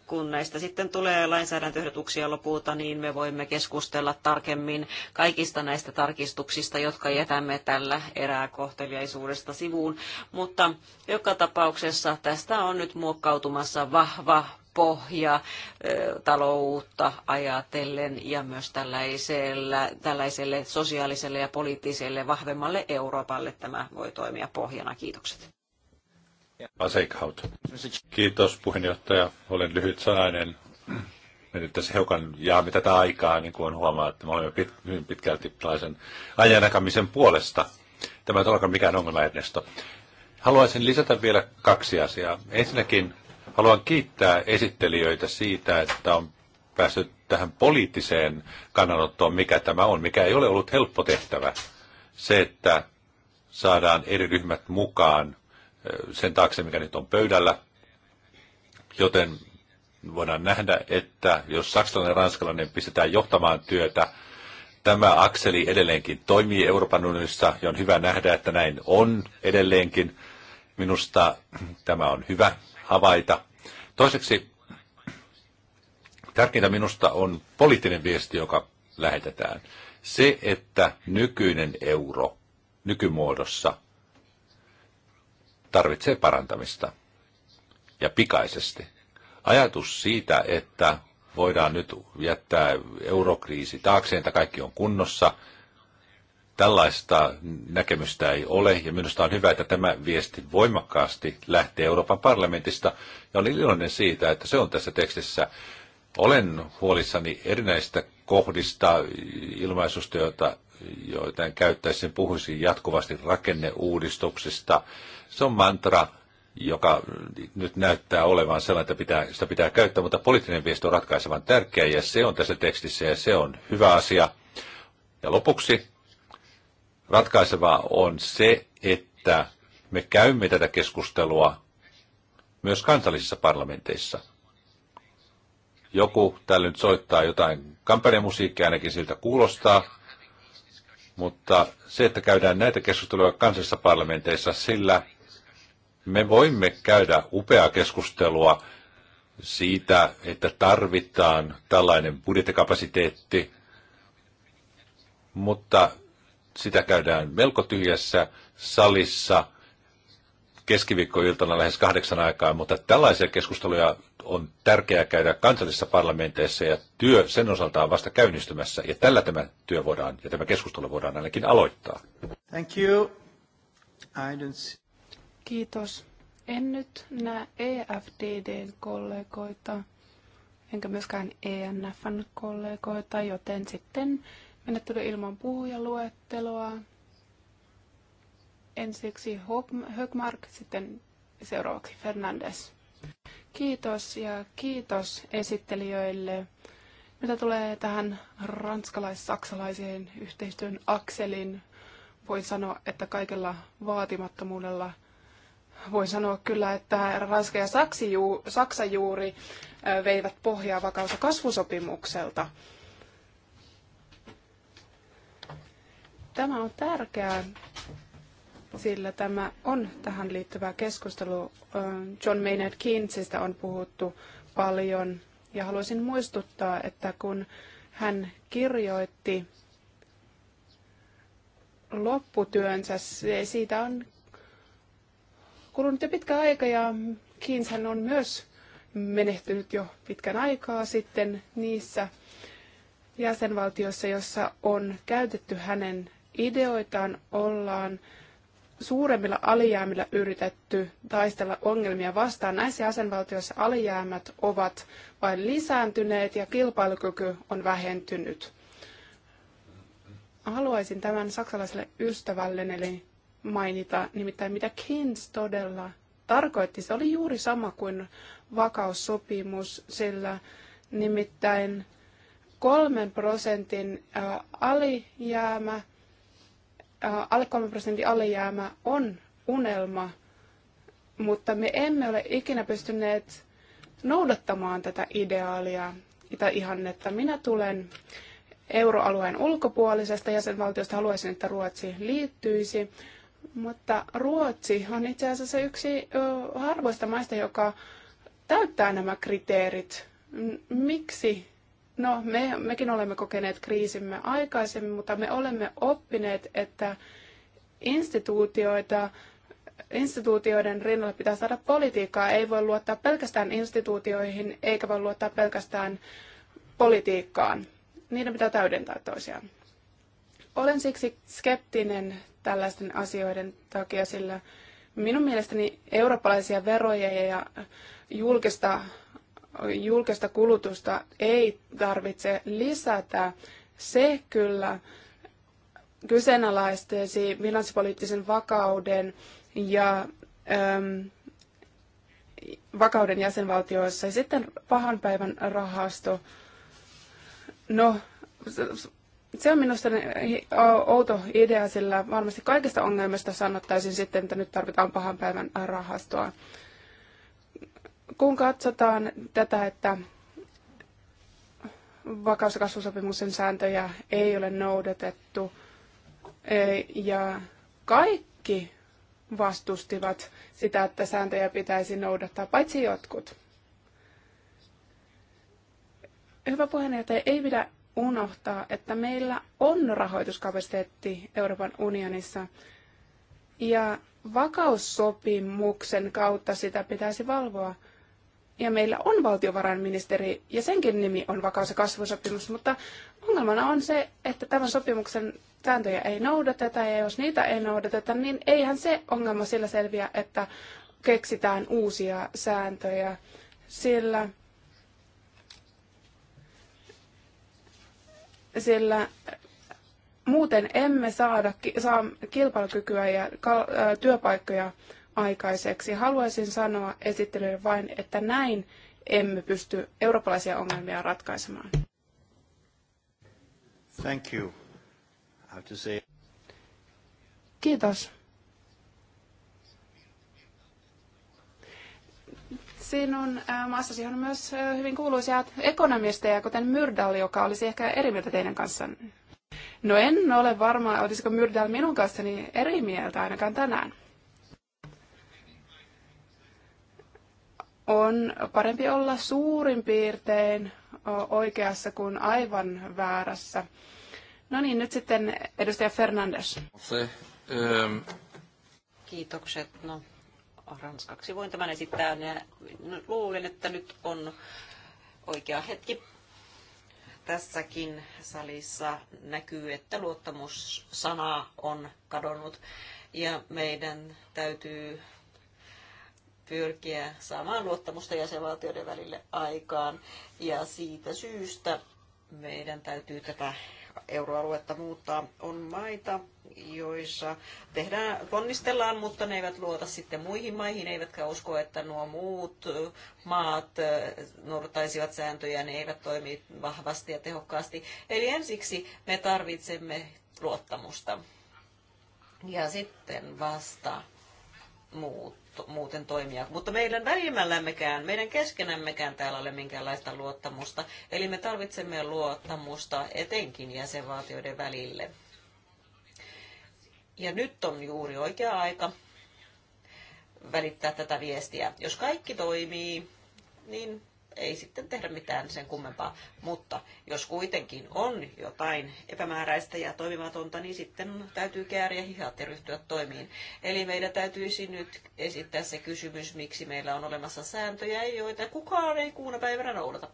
kun näistä sitten tulee lainsäädäntöehdotuksia lopulta, niin me voimme keskustella tarkemmin kaikista näistä tarkistuksista, jotka jätämme tällä erää kohteliaisuudesta sivuun. Mutta joka tapauksessa tästä on nyt muokkautumassa vahva pohja taloutta ajatellen ja myös tällaiselle, tällaiselle sosiaaliselle ja poliittiselle vahvemmalle Euroopalle tämä voi toimia pohjana. Kiitokset. Aseikhaut. Kiitos puheenjohtaja. Olen lyhyt sanainen. Me nyt tässä hiukan jaamme tätä aikaa, niin kuin huomaa, että me olemme pit, hyvin pitkälti tällaisen ajanakamisen puolesta. Tämä ei ole mikään ongelma Ernesto. Haluaisin lisätä vielä kaksi asiaa. Ensinnäkin haluan kiittää esittelijöitä siitä, että on päässyt tähän poliittiseen kannanottoon, mikä tämä on, mikä ei ole ollut helppo tehtävä. Se, että saadaan eri ryhmät mukaan sen taakse, mikä nyt on pöydällä. Joten voidaan nähdä, että jos saksalainen ja ranskalainen pistetään johtamaan työtä, tämä akseli edelleenkin toimii Euroopan unionissa ja on hyvä nähdä, että näin on edelleenkin. Minusta tämä on hyvä havaita. Toiseksi tärkeintä minusta on poliittinen viesti, joka lähetetään. Se, että nykyinen euro nykymuodossa – tarvitsee parantamista. Ja pikaisesti. Ajatus siitä, että voidaan nyt jättää eurokriisi taakse, että kaikki on kunnossa, tällaista näkemystä ei ole, ja minusta on hyvä, että tämä viesti voimakkaasti lähtee Euroopan parlamentista, ja olen iloinen siitä, että se on tässä tekstissä. Olen huolissani erinäistä kohdista ilmaisusta, joita joita en käyttäisi, niin puhuisin jatkuvasti rakenneuudistuksista. Se on mantra, joka nyt näyttää olevan sellainen, että pitää, sitä pitää käyttää, mutta poliittinen viesti on ratkaisevan tärkeä ja se on tässä tekstissä ja se on hyvä asia. Ja lopuksi ratkaisevaa on se, että me käymme tätä keskustelua myös kansallisissa parlamenteissa. Joku täällä nyt soittaa jotain kampanjamusiikkia, ainakin siltä kuulostaa. Mutta se, että käydään näitä keskusteluja kansallisissa parlamenteissa, sillä me voimme käydä upeaa keskustelua siitä, että tarvitaan tällainen budjettikapasiteetti, mutta sitä käydään melko tyhjässä salissa – keskiviikkoiltana lähes kahdeksan aikaa, mutta tällaisia keskusteluja on tärkeää käydä kansallisissa parlamenteissa ja työ sen osalta on vasta käynnistymässä ja tällä tämä työ voidaan ja tämä keskustelu voidaan ainakin aloittaa. Thank you. I don't see. Kiitos. En nyt näe EFDDn kollegoita, enkä myöskään ENFn kollegoita, joten sitten menettely ilman puhujaluetteloa. Ensiksi Högmark, sitten seuraavaksi Fernandes. Kiitos ja kiitos esittelijöille. Mitä tulee tähän ranskalais-saksalaiseen yhteistyön akselin, voi sanoa, että kaikella vaatimattomuudella voi sanoa kyllä, että Ranska ja Saksi juu, Saksa juuri veivät pohjaa vakaus- ja kasvusopimukselta. Tämä on tärkeää sillä tämä on tähän liittyvä keskustelu. John Maynard Keynesistä on puhuttu paljon ja haluaisin muistuttaa, että kun hän kirjoitti lopputyönsä, siitä on kulunut jo pitkä aika ja Keynes on myös menehtynyt jo pitkän aikaa sitten niissä jäsenvaltioissa, jossa on käytetty hänen ideoitaan, ollaan suuremmilla alijäämillä yritetty taistella ongelmia vastaan. Näissä jäsenvaltioissa alijäämät ovat vain lisääntyneet ja kilpailukyky on vähentynyt. Haluaisin tämän saksalaiselle ystävälleni mainita, nimittäin mitä Keynes todella tarkoitti. Se oli juuri sama kuin vakaussopimus, sillä nimittäin kolmen prosentin alijäämä – Äh, alle 3 prosentin alijäämä on unelma, mutta me emme ole ikinä pystyneet noudattamaan tätä ideaalia, tätä ihannetta. Minä tulen euroalueen ulkopuolisesta jäsenvaltiosta, haluaisin, että Ruotsi liittyisi, mutta Ruotsi on itse asiassa yksi harvoista maista, joka täyttää nämä kriteerit. Miksi No, me, mekin olemme kokeneet kriisimme aikaisemmin, mutta me olemme oppineet, että instituutioita, instituutioiden rinnalle pitää saada politiikkaa. Ei voi luottaa pelkästään instituutioihin, eikä voi luottaa pelkästään politiikkaan. Niiden pitää täydentää toisiaan. Olen siksi skeptinen tällaisten asioiden takia, sillä minun mielestäni eurooppalaisia veroja ja julkista julkista kulutusta ei tarvitse lisätä, se kyllä kyseenalaistaisi finanssipoliittisen vakauden ja äm, vakauden jäsenvaltioissa. Ja sitten pahan päivän rahasto. No, se on minusta outo idea, sillä varmasti kaikista ongelmista sanottaisiin sitten, että nyt tarvitaan pahan päivän rahastoa kun katsotaan tätä, että vakaus- ja kasvusopimuksen sääntöjä ei ole noudatettu ja kaikki vastustivat sitä, että sääntöjä pitäisi noudattaa, paitsi jotkut. Hyvä puheenjohtaja, ei pidä unohtaa, että meillä on rahoituskapasiteetti Euroopan unionissa ja vakaussopimuksen kautta sitä pitäisi valvoa – ja meillä on valtiovarainministeri, ja senkin nimi on vakaus- ja kasvusopimus, mutta ongelmana on se, että tämän sopimuksen sääntöjä ei noudateta, ja jos niitä ei noudateta, niin eihän se ongelma sillä selviä, että keksitään uusia sääntöjä, sillä, sillä muuten emme saada, saa kilpailukykyä ja työpaikkoja aikaiseksi. Haluaisin sanoa esittelylle vain, että näin emme pysty eurooppalaisia ongelmia ratkaisemaan. Thank you. How to say... Kiitos. Sinun maassasi on myös hyvin kuuluisia ekonomisteja, kuten Myrdal, joka olisi ehkä eri mieltä teidän kanssanne. No en ole varma, olisiko Myrdal minun kanssani eri mieltä ainakaan tänään. on parempi olla suurin piirtein oikeassa kuin aivan väärässä. No niin, nyt sitten edustaja Fernandes. Se, ähm. Kiitokset. No, ranskaksi voin tämän esittää. Ja no, luulen, että nyt on oikea hetki. Tässäkin salissa näkyy, että luottamussana on kadonnut ja meidän täytyy pyrkiä saamaan luottamusta jäsenvaltioiden välille aikaan. Ja siitä syystä meidän täytyy tätä euroaluetta muuttaa. On maita, joissa tehdään, ponnistellaan, mutta ne eivät luota sitten muihin maihin, eivätkä usko, että nuo muut maat noudattaisivat sääntöjä, ne eivät toimi vahvasti ja tehokkaasti. Eli ensiksi me tarvitsemme luottamusta. Ja sitten vasta muut, muuten toimia. Mutta meidän välimmällämmekään, meidän keskenämmekään täällä ole minkäänlaista luottamusta. Eli me tarvitsemme luottamusta etenkin jäsenvaltioiden välille. Ja nyt on juuri oikea aika välittää tätä viestiä. Jos kaikki toimii, niin ei sitten tehdä mitään sen kummempaa. Mutta jos kuitenkin on jotain epämääräistä ja toimimatonta, niin sitten täytyy kääriä hihat ja ryhtyä toimiin. Eli meidän täytyisi nyt esittää se kysymys, miksi meillä on olemassa sääntöjä, joita kukaan ei kuuna päivänä noudata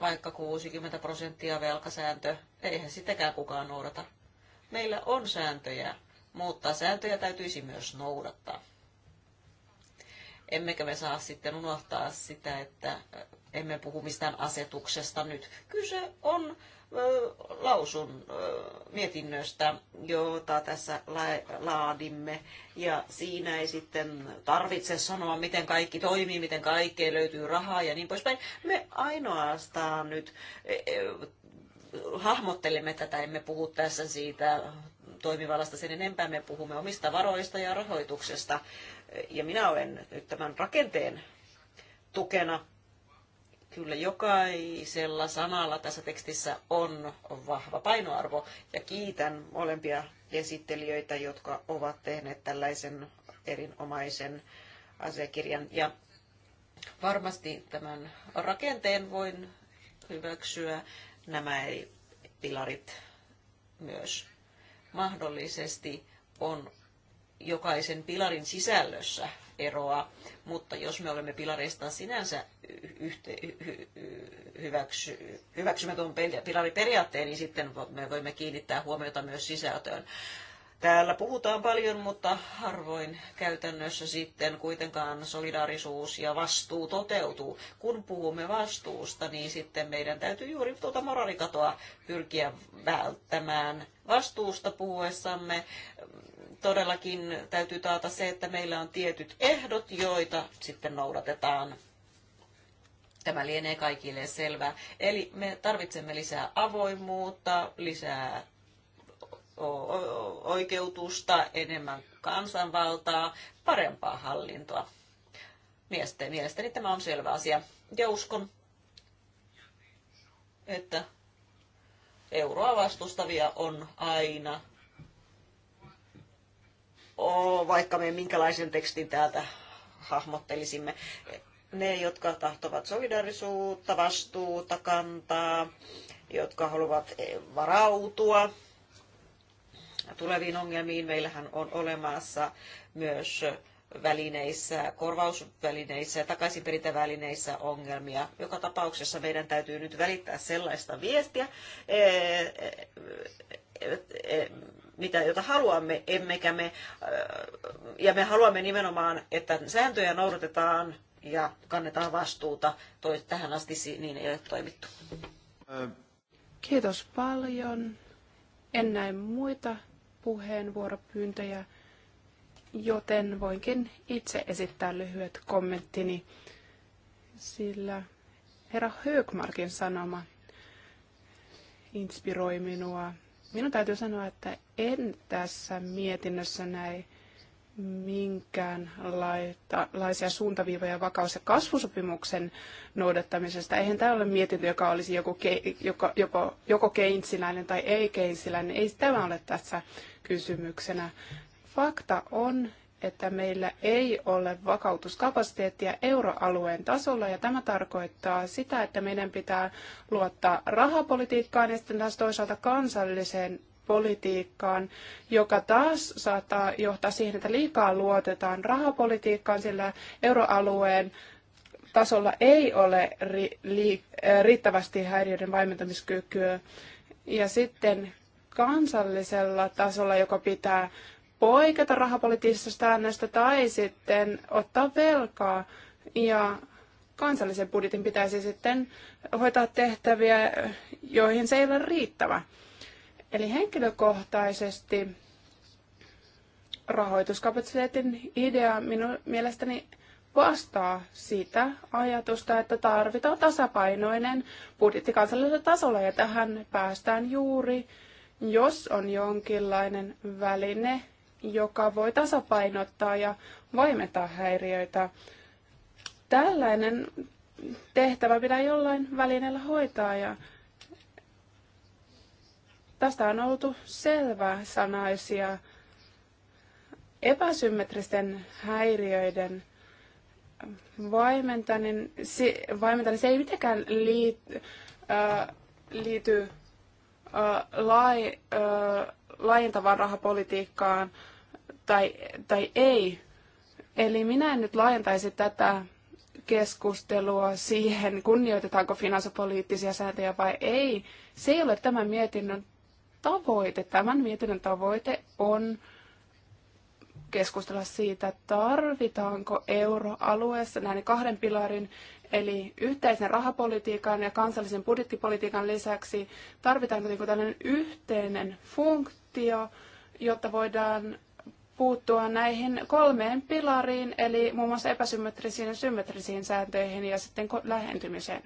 vaikka 60 prosenttia velkasääntö, eihän sitäkään kukaan noudata. Meillä on sääntöjä, mutta sääntöjä täytyisi myös noudattaa. Emmekä me saa sitten unohtaa sitä, että emme puhu mistään asetuksesta nyt. Kyse on lausun mietinnöstä, jota tässä laadimme. Ja siinä ei sitten tarvitse sanoa, miten kaikki toimii, miten kaikkeen löytyy rahaa ja niin poispäin. Me ainoastaan nyt e, e, hahmottelemme tätä, emme puhu tässä siitä toimivallasta sen enempää. Me puhumme omista varoista ja rahoituksesta. Ja minä olen nyt tämän rakenteen tukena. Kyllä jokaisella sanalla tässä tekstissä on vahva painoarvo ja kiitän molempia esittelijöitä, jotka ovat tehneet tällaisen erinomaisen asiakirjan. Ja varmasti tämän rakenteen voin hyväksyä nämä eri pilarit myös mahdollisesti on jokaisen pilarin sisällössä eroa, mutta jos me olemme pilareista sinänsä yhte, hy, hyväksy, hyväksymätön pilari periaatteen, niin sitten me voimme kiinnittää huomiota myös sisältöön. Täällä puhutaan paljon, mutta harvoin käytännössä sitten kuitenkaan solidaarisuus ja vastuu toteutuu. Kun puhumme vastuusta, niin sitten meidän täytyy juuri tuota moraalikatoa pyrkiä välttämään. Vastuusta puhuessamme mm, todellakin täytyy taata se, että meillä on tietyt ehdot, joita sitten noudatetaan. Tämä lienee kaikille selvää. Eli me tarvitsemme lisää avoimuutta, lisää oikeutusta, enemmän kansanvaltaa, parempaa hallintoa. Miesten, mielestäni tämä on selvä asia. Ja uskon, että euroa vastustavia on aina. Oh, vaikka me minkälaisen tekstin täältä hahmottelisimme. Ne, jotka tahtovat solidarisuutta, vastuuta kantaa, jotka haluavat varautua tuleviin ongelmiin. Meillähän on olemassa myös välineissä, korvausvälineissä ja takaisinperintävälineissä ongelmia. Joka tapauksessa meidän täytyy nyt välittää sellaista viestiä, e, e, e, mitä, jota haluamme, emmekä me, ja me haluamme nimenomaan, että sääntöjä noudatetaan ja kannetaan vastuuta. Toi, tähän asti niin ei ole toimittu. Kiitos paljon. En näe muita puheenvuoropyyntöjä, joten voinkin itse esittää lyhyet kommenttini, sillä herra Högmarkin sanoma inspiroi minua. Minun täytyy sanoa, että en tässä mietinnössä näe minkäänlaisia suuntaviivoja vakaus- ja kasvusopimuksen noudattamisesta. Eihän tämä ole mietintö, joka olisi joku, ke, joko, joko, joko keinsiläinen tai ei keinsiläinen. Ei tämä ole tässä kysymyksenä. Fakta on, että meillä ei ole vakautuskapasiteettia euroalueen tasolla ja tämä tarkoittaa sitä, että meidän pitää luottaa rahapolitiikkaan ja sitten taas toisaalta kansalliseen politiikkaan, joka taas saattaa johtaa siihen, että liikaa luotetaan rahapolitiikkaan, sillä euroalueen tasolla ei ole riittävästi häiriöiden vaimentamiskykyä. Ja sitten kansallisella tasolla, joka pitää poiketa rahapolitiikasta äänestä tai sitten ottaa velkaa. Ja kansallisen budjetin pitäisi sitten hoitaa tehtäviä, joihin se ei ole riittävä. Eli henkilökohtaisesti rahoituskapasiteetin idea minun mielestäni vastaa sitä ajatusta, että tarvitaan tasapainoinen budjetti kansallisella tasolla ja tähän päästään juuri, jos on jonkinlainen väline, joka voi tasapainottaa ja vaimentaa häiriöitä. Tällainen tehtävä pitää jollain välineellä hoitaa ja Tästä on oltu sanaisia epäsymmetristen häiriöiden vaimentainen, se, vaimentainen, se ei mitenkään liit, äh, liity äh, lai, äh, laajentavaan rahapolitiikkaan tai, tai ei. Eli minä en nyt laajentaisi tätä keskustelua siihen, kunnioitetaanko finanssipoliittisia sääntöjä vai ei. Se ei ole tämän mietinnön tavoite, tämän mietinnön tavoite on keskustella siitä, tarvitaanko euroalueessa näiden kahden pilarin, eli yhteisen rahapolitiikan ja kansallisen budjettipolitiikan lisäksi, tarvitaanko niin tällainen yhteinen funktio, jotta voidaan puuttua näihin kolmeen pilariin, eli muun muassa epäsymmetrisiin ja symmetrisiin sääntöihin ja sitten lähentymiseen.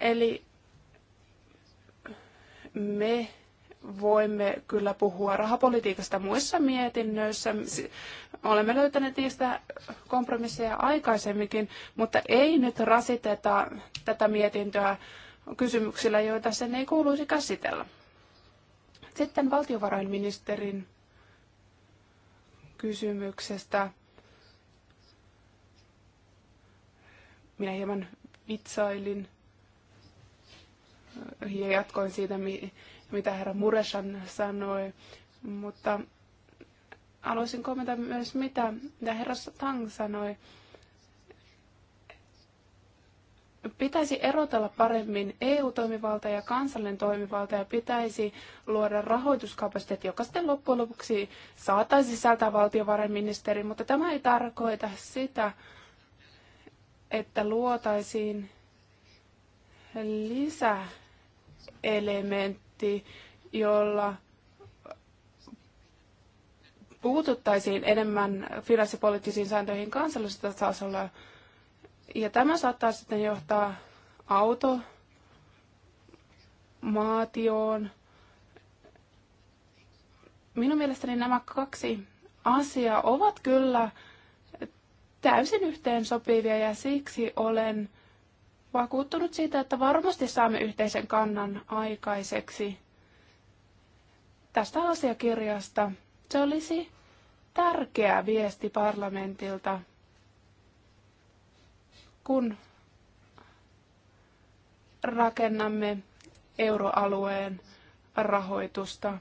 Eli me voimme kyllä puhua rahapolitiikasta muissa mietinnöissä. Olemme löytäneet niistä kompromisseja aikaisemminkin, mutta ei nyt rasiteta tätä mietintöä kysymyksillä, joita sen ei kuuluisi käsitellä. Sitten valtiovarainministerin kysymyksestä. Minä hieman vitsailin ja jatkoin siitä, mitä herra Mureshan sanoi, mutta haluaisin kommentoida myös, mitä, mitä herra Tang sanoi. Pitäisi erotella paremmin EU-toimivalta ja kansallinen toimivalta ja pitäisi luoda rahoituskapasiteetti, joka sitten loppujen lopuksi saataisiin sisältää valtiovarainministeri, mutta tämä ei tarkoita sitä, että luotaisiin lisää elementti, jolla puututtaisiin enemmän finanssipoliittisiin sääntöihin kansallisella tasolla. Ja tämä saattaa sitten johtaa auto, maatioon. Minun mielestäni nämä kaksi asiaa ovat kyllä täysin yhteen sopivia ja siksi olen vakuuttunut siitä, että varmasti saamme yhteisen kannan aikaiseksi tästä asiakirjasta. Se olisi tärkeä viesti parlamentilta, kun rakennamme euroalueen rahoitusta.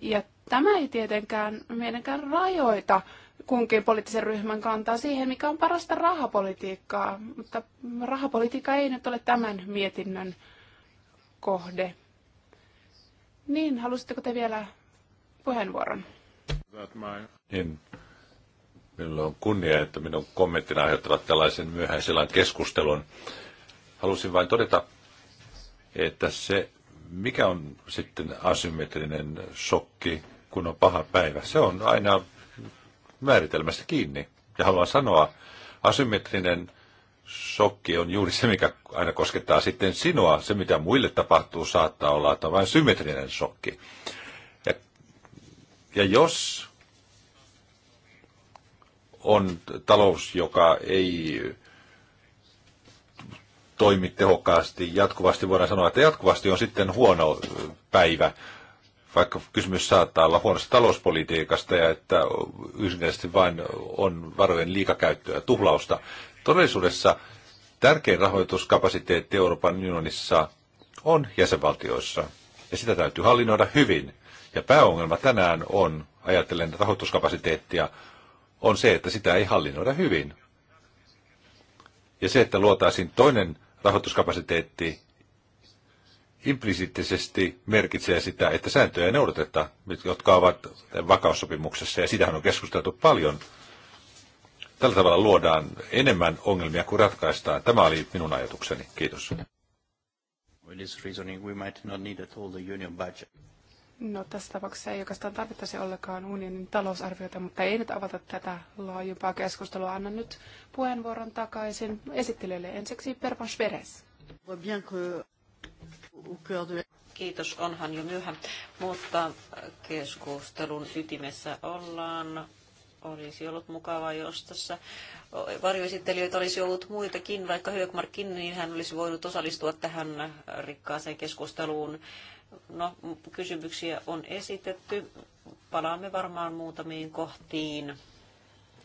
Ja tämä ei tietenkään meidänkään rajoita kunkin poliittisen ryhmän kantaa siihen, mikä on parasta rahapolitiikkaa. Mutta rahapolitiikka ei nyt ole tämän mietinnön kohde. Niin, halusitteko te vielä puheenvuoron? Niin. Minulla on kunnia, että minun kommenttina aiheuttavat tällaisen myöhäisellä keskustelun. Halusin vain todeta, että se, mikä on sitten asymmetrinen shokki, kun on paha päivä, se on aina määritelmästä kiinni. Ja haluan sanoa, asymmetrinen shokki on juuri se, mikä aina koskettaa sitten sinua. Se, mitä muille tapahtuu, saattaa olla, että on vain symmetrinen shokki. Ja, ja jos on talous, joka ei toimi tehokkaasti, jatkuvasti voidaan sanoa, että jatkuvasti on sitten huono päivä vaikka kysymys saattaa olla huonosta talouspolitiikasta ja että yksinkertaisesti vain on varojen liikakäyttöä ja tuhlausta. Todellisuudessa tärkein rahoituskapasiteetti Euroopan unionissa on jäsenvaltioissa, ja sitä täytyy hallinnoida hyvin. Ja pääongelma tänään on, ajatellen rahoituskapasiteettia, on se, että sitä ei hallinnoida hyvin. Ja se, että luotaisiin toinen rahoituskapasiteetti, implisiittisesti merkitsee sitä, että sääntöjä ei noudateta, jotka ovat vakaussopimuksessa, ja sitähän on keskusteltu paljon. Tällä tavalla luodaan enemmän ongelmia kuin ratkaistaan. Tämä oli minun ajatukseni. Kiitos. No tässä tapauksessa ei oikeastaan tarvittaisi ollenkaan unionin talousarviota, mutta ei nyt avata tätä laajempaa keskustelua. Annan nyt puheenvuoron takaisin esittelijälle ensiksi Perpans Veres. Kiitos, onhan jo myöhä, mutta keskustelun ytimessä ollaan. Olisi ollut mukavaa, jos tässä varjoesittelijöitä olisi ollut muitakin, vaikka Hyökmarkin, niin hän olisi voinut osallistua tähän rikkaaseen keskusteluun. No, kysymyksiä on esitetty. Palaamme varmaan muutamiin kohtiin,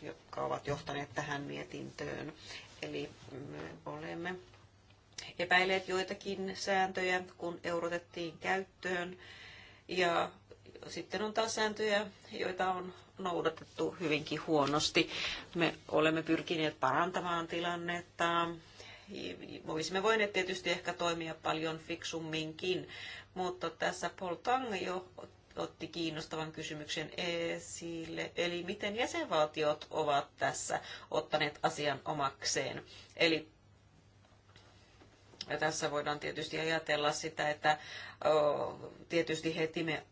jotka ovat johtaneet tähän mietintöön. Eli me olemme epäilleet joitakin sääntöjä, kun eurotettiin käyttöön. Ja sitten on taas sääntöjä, joita on noudatettu hyvinkin huonosti. Me olemme pyrkineet parantamaan tilannetta. Olisimme voineet tietysti ehkä toimia paljon fiksumminkin, mutta tässä Paul Tang jo otti kiinnostavan kysymyksen esille, eli miten jäsenvaltiot ovat tässä ottaneet asian omakseen. Eli ja tässä voidaan tietysti ajatella sitä, että tietysti heti me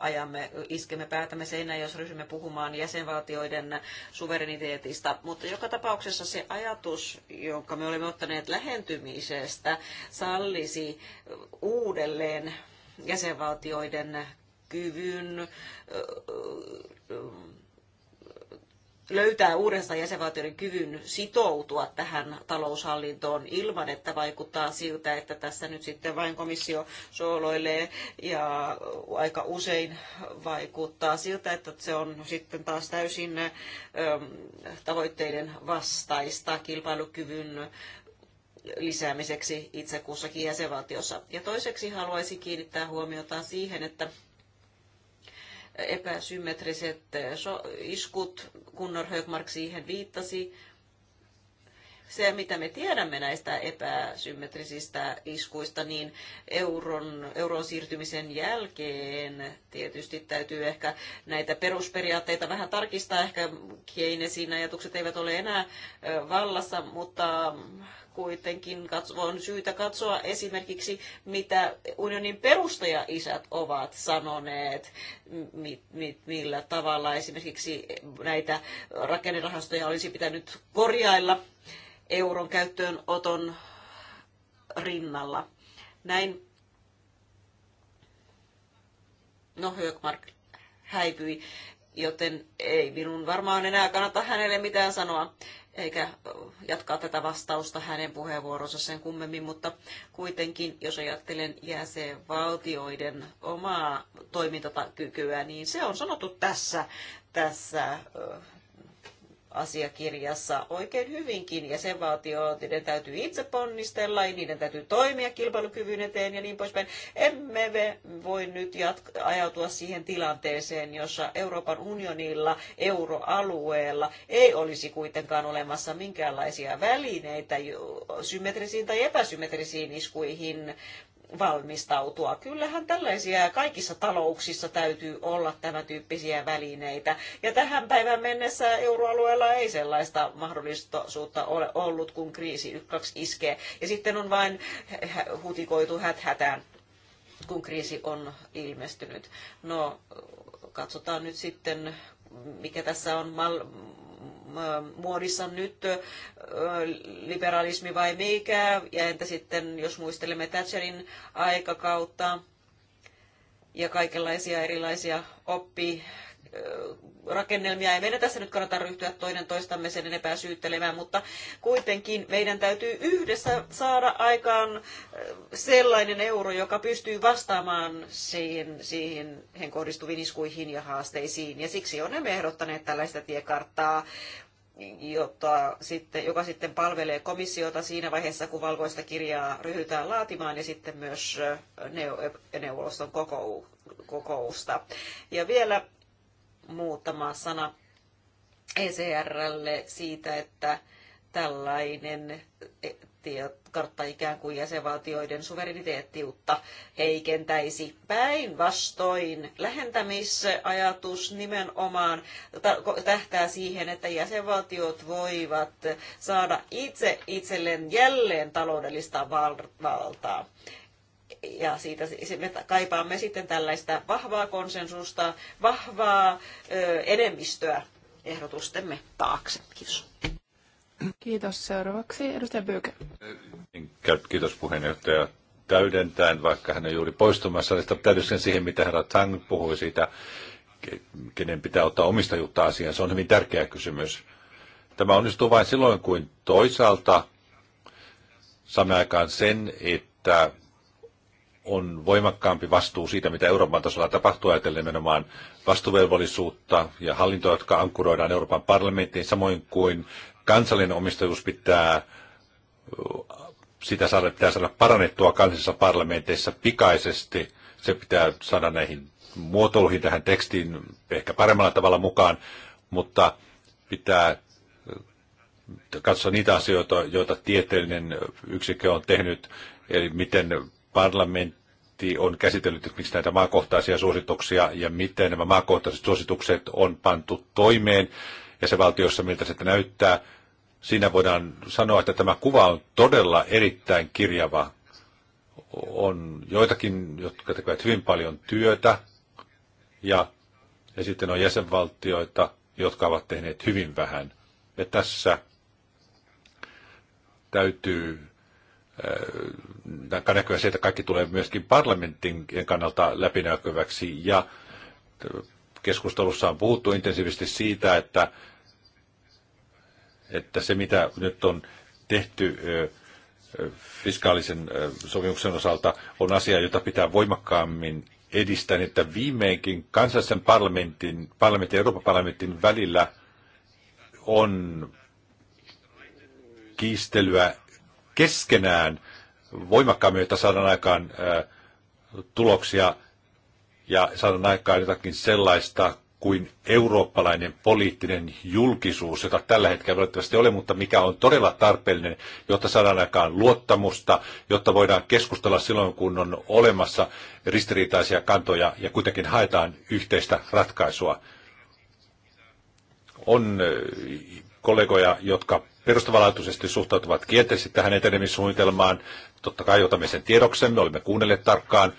ajamme, iskemme päätämme seinään, jos ryhdymme puhumaan jäsenvaltioiden suvereniteetista. Mutta joka tapauksessa se ajatus, jonka me olemme ottaneet lähentymisestä, sallisi uudelleen jäsenvaltioiden kyvyn löytää uudesta jäsenvaltioiden kyvyn sitoutua tähän taloushallintoon ilman, että vaikuttaa siltä, että tässä nyt sitten vain komissio sooloilee ja aika usein vaikuttaa siltä, että se on sitten taas täysin ähm, tavoitteiden vastaista kilpailukyvyn lisäämiseksi itse kussakin jäsenvaltiossa. Ja toiseksi haluaisin kiinnittää huomiota siihen, että epäsymmetriset eh, iskut, Gunnar Högmark siihen viittasi. Se, mitä me tiedämme näistä epäsymmetrisistä iskuista, niin euron, euron siirtymisen jälkeen tietysti täytyy ehkä näitä perusperiaatteita vähän tarkistaa. Ehkä Keynesin ajatukset eivät ole enää eh, vallassa, mutta kuitenkin on syytä katsoa esimerkiksi, mitä unionin perustajaisät ovat sanoneet, millä tavalla esimerkiksi näitä rakennerahastoja olisi pitänyt korjailla euron käyttöönoton rinnalla. Näin. No, Hökmark häipyi, joten ei minun varmaan enää kannata hänelle mitään sanoa eikä jatkaa tätä vastausta hänen puheenvuoronsa sen kummemmin, mutta kuitenkin, jos ajattelen jäsenvaltioiden omaa toimintakykyä, niin se on sanottu tässä, tässä asiakirjassa oikein hyvinkin. Ja sen valtio, niiden täytyy itse ponnistella, ja niiden täytyy toimia kilpailukyvyn eteen ja niin poispäin. Emme me voi nyt ajautua siihen tilanteeseen, jossa Euroopan unionilla, euroalueella ei olisi kuitenkaan olemassa minkäänlaisia välineitä symmetrisiin tai epäsymmetrisiin iskuihin valmistautua. Kyllähän tällaisia kaikissa talouksissa täytyy olla tämän tyyppisiä välineitä. Ja tähän päivään mennessä euroalueella ei sellaista mahdollisuutta ole ollut, kun kriisi ykköksi iskee. Ja sitten on vain hutikoitu häthätään, kun kriisi on ilmestynyt. No, katsotaan nyt sitten mikä tässä on mal- muodissa nyt liberalismi vai mikä, ja entä sitten jos muistelemme Thatcherin aikakautta ja kaikenlaisia erilaisia oppi rakennelmia. Ei meidän tässä nyt kannata ryhtyä toinen toistamme sen enempää syyttelemään, mutta kuitenkin meidän täytyy yhdessä saada aikaan sellainen euro, joka pystyy vastaamaan siihen, siihen hen kohdistuviin iskuihin ja haasteisiin. Ja siksi olemme ehdottaneet tällaista tiekarttaa jota sitten, joka sitten palvelee komissiota siinä vaiheessa, kun valkoista kirjaa ryhdytään laatimaan ja sitten myös neuvoston kokousta. Ja vielä muutama sana ECRlle siitä, että tällainen e, kartta ikään kuin jäsenvaltioiden suvereniteettiutta heikentäisi. Päinvastoin lähentämisajatus nimenomaan tähtää siihen, että jäsenvaltiot voivat saada itse itselleen jälleen taloudellista valtaa ja siitä me kaipaamme sitten tällaista vahvaa konsensusta, vahvaa ö, enemmistöä ehdotustemme taakse. Kiitos. Kiitos. Seuraavaksi edustaja Byyke. Kiitos puheenjohtaja. Täydentäen, vaikka hän on juuri poistumassa, täydellisen siihen, mitä herra Tang puhui siitä, kenen pitää ottaa omistajuutta asiaan. Se on hyvin tärkeä kysymys. Tämä onnistuu vain silloin, kun toisaalta saamme aikaan sen, että on voimakkaampi vastuu siitä, mitä Euroopan tasolla tapahtuu, ajatellen nimenomaan vastuvelvollisuutta ja hallintoa, jotka ankkuroidaan Euroopan parlamenttiin, samoin kuin kansallinen omistajuus pitää, sitä saada, pitää saada parannettua kansallisissa parlamenteissa pikaisesti. Se pitää saada näihin muotoiluihin, tähän tekstiin ehkä paremmalla tavalla mukaan, mutta pitää katsoa niitä asioita, joita tieteellinen yksikkö on tehnyt, eli miten parlament, parlamentti on käsitellyt esimerkiksi näitä maakohtaisia suosituksia ja miten nämä maakohtaiset suositukset on pantu toimeen ja se valtiossa miltä se näyttää. Siinä voidaan sanoa, että tämä kuva on todella erittäin kirjava. On joitakin, jotka tekevät hyvin paljon työtä ja, ja sitten on jäsenvaltioita, jotka ovat tehneet hyvin vähän. Ja tässä täytyy näkyä se, että kaikki tulee myöskin parlamentin kannalta läpinäkyväksi ja keskustelussa on puhuttu intensiivisesti siitä, että, että se mitä nyt on tehty fiskaalisen sopimuksen osalta on asia, jota pitää voimakkaammin edistää, niin että viimeinkin kansallisen parlamentin, parlamentin ja Euroopan parlamentin välillä on kiistelyä keskenään voimakkaammin, että saadaan aikaan tuloksia ja saadaan aikaan jotakin sellaista kuin eurooppalainen poliittinen julkisuus, jota tällä hetkellä valitettavasti ole, mutta mikä on todella tarpeellinen, jotta saadaan aikaan luottamusta, jotta voidaan keskustella silloin, kun on olemassa ristiriitaisia kantoja ja kuitenkin haetaan yhteistä ratkaisua. On kollegoja, jotka perustavanlaatuisesti suhtautuvat kielteisesti tähän etenemissuunnitelmaan. Totta kai otamme sen tiedoksemme, olemme kuunnelleet tarkkaan.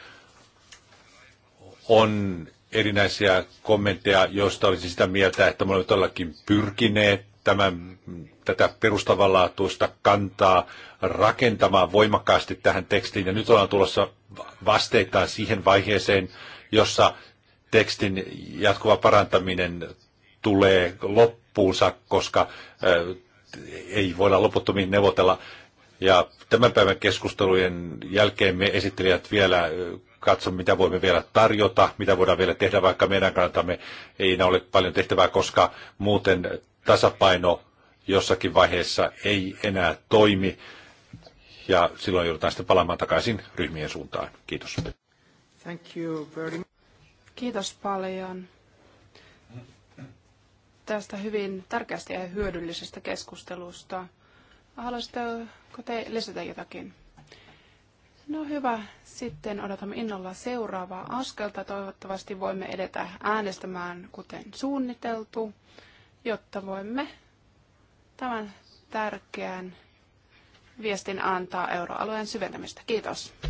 On erinäisiä kommentteja, joista olisi sitä mieltä, että me olemme todellakin pyrkineet tämän, tätä perustavanlaatuista kantaa rakentamaan voimakkaasti tähän tekstiin. Ja nyt ollaan tulossa vasteitaan siihen vaiheeseen, jossa tekstin jatkuva parantaminen tulee loppuunsa, koska ei voida loputtomiin neuvotella. Ja tämän päivän keskustelujen jälkeen me esittelijät vielä katso, mitä voimme vielä tarjota, mitä voidaan vielä tehdä, vaikka meidän kannaltamme ei enää ole paljon tehtävää, koska muuten tasapaino jossakin vaiheessa ei enää toimi. Ja silloin joudutaan sitten palaamaan takaisin ryhmien suuntaan. Kiitos. Thank you very much. Kiitos paljon tästä hyvin tärkeästä ja hyödyllisestä keskustelusta. Haluaisitteko te lisätä jotakin? No hyvä, sitten odotamme innolla seuraavaa askelta. Toivottavasti voimme edetä äänestämään kuten suunniteltu, jotta voimme tämän tärkeän viestin antaa euroalueen syventämistä. Kiitos.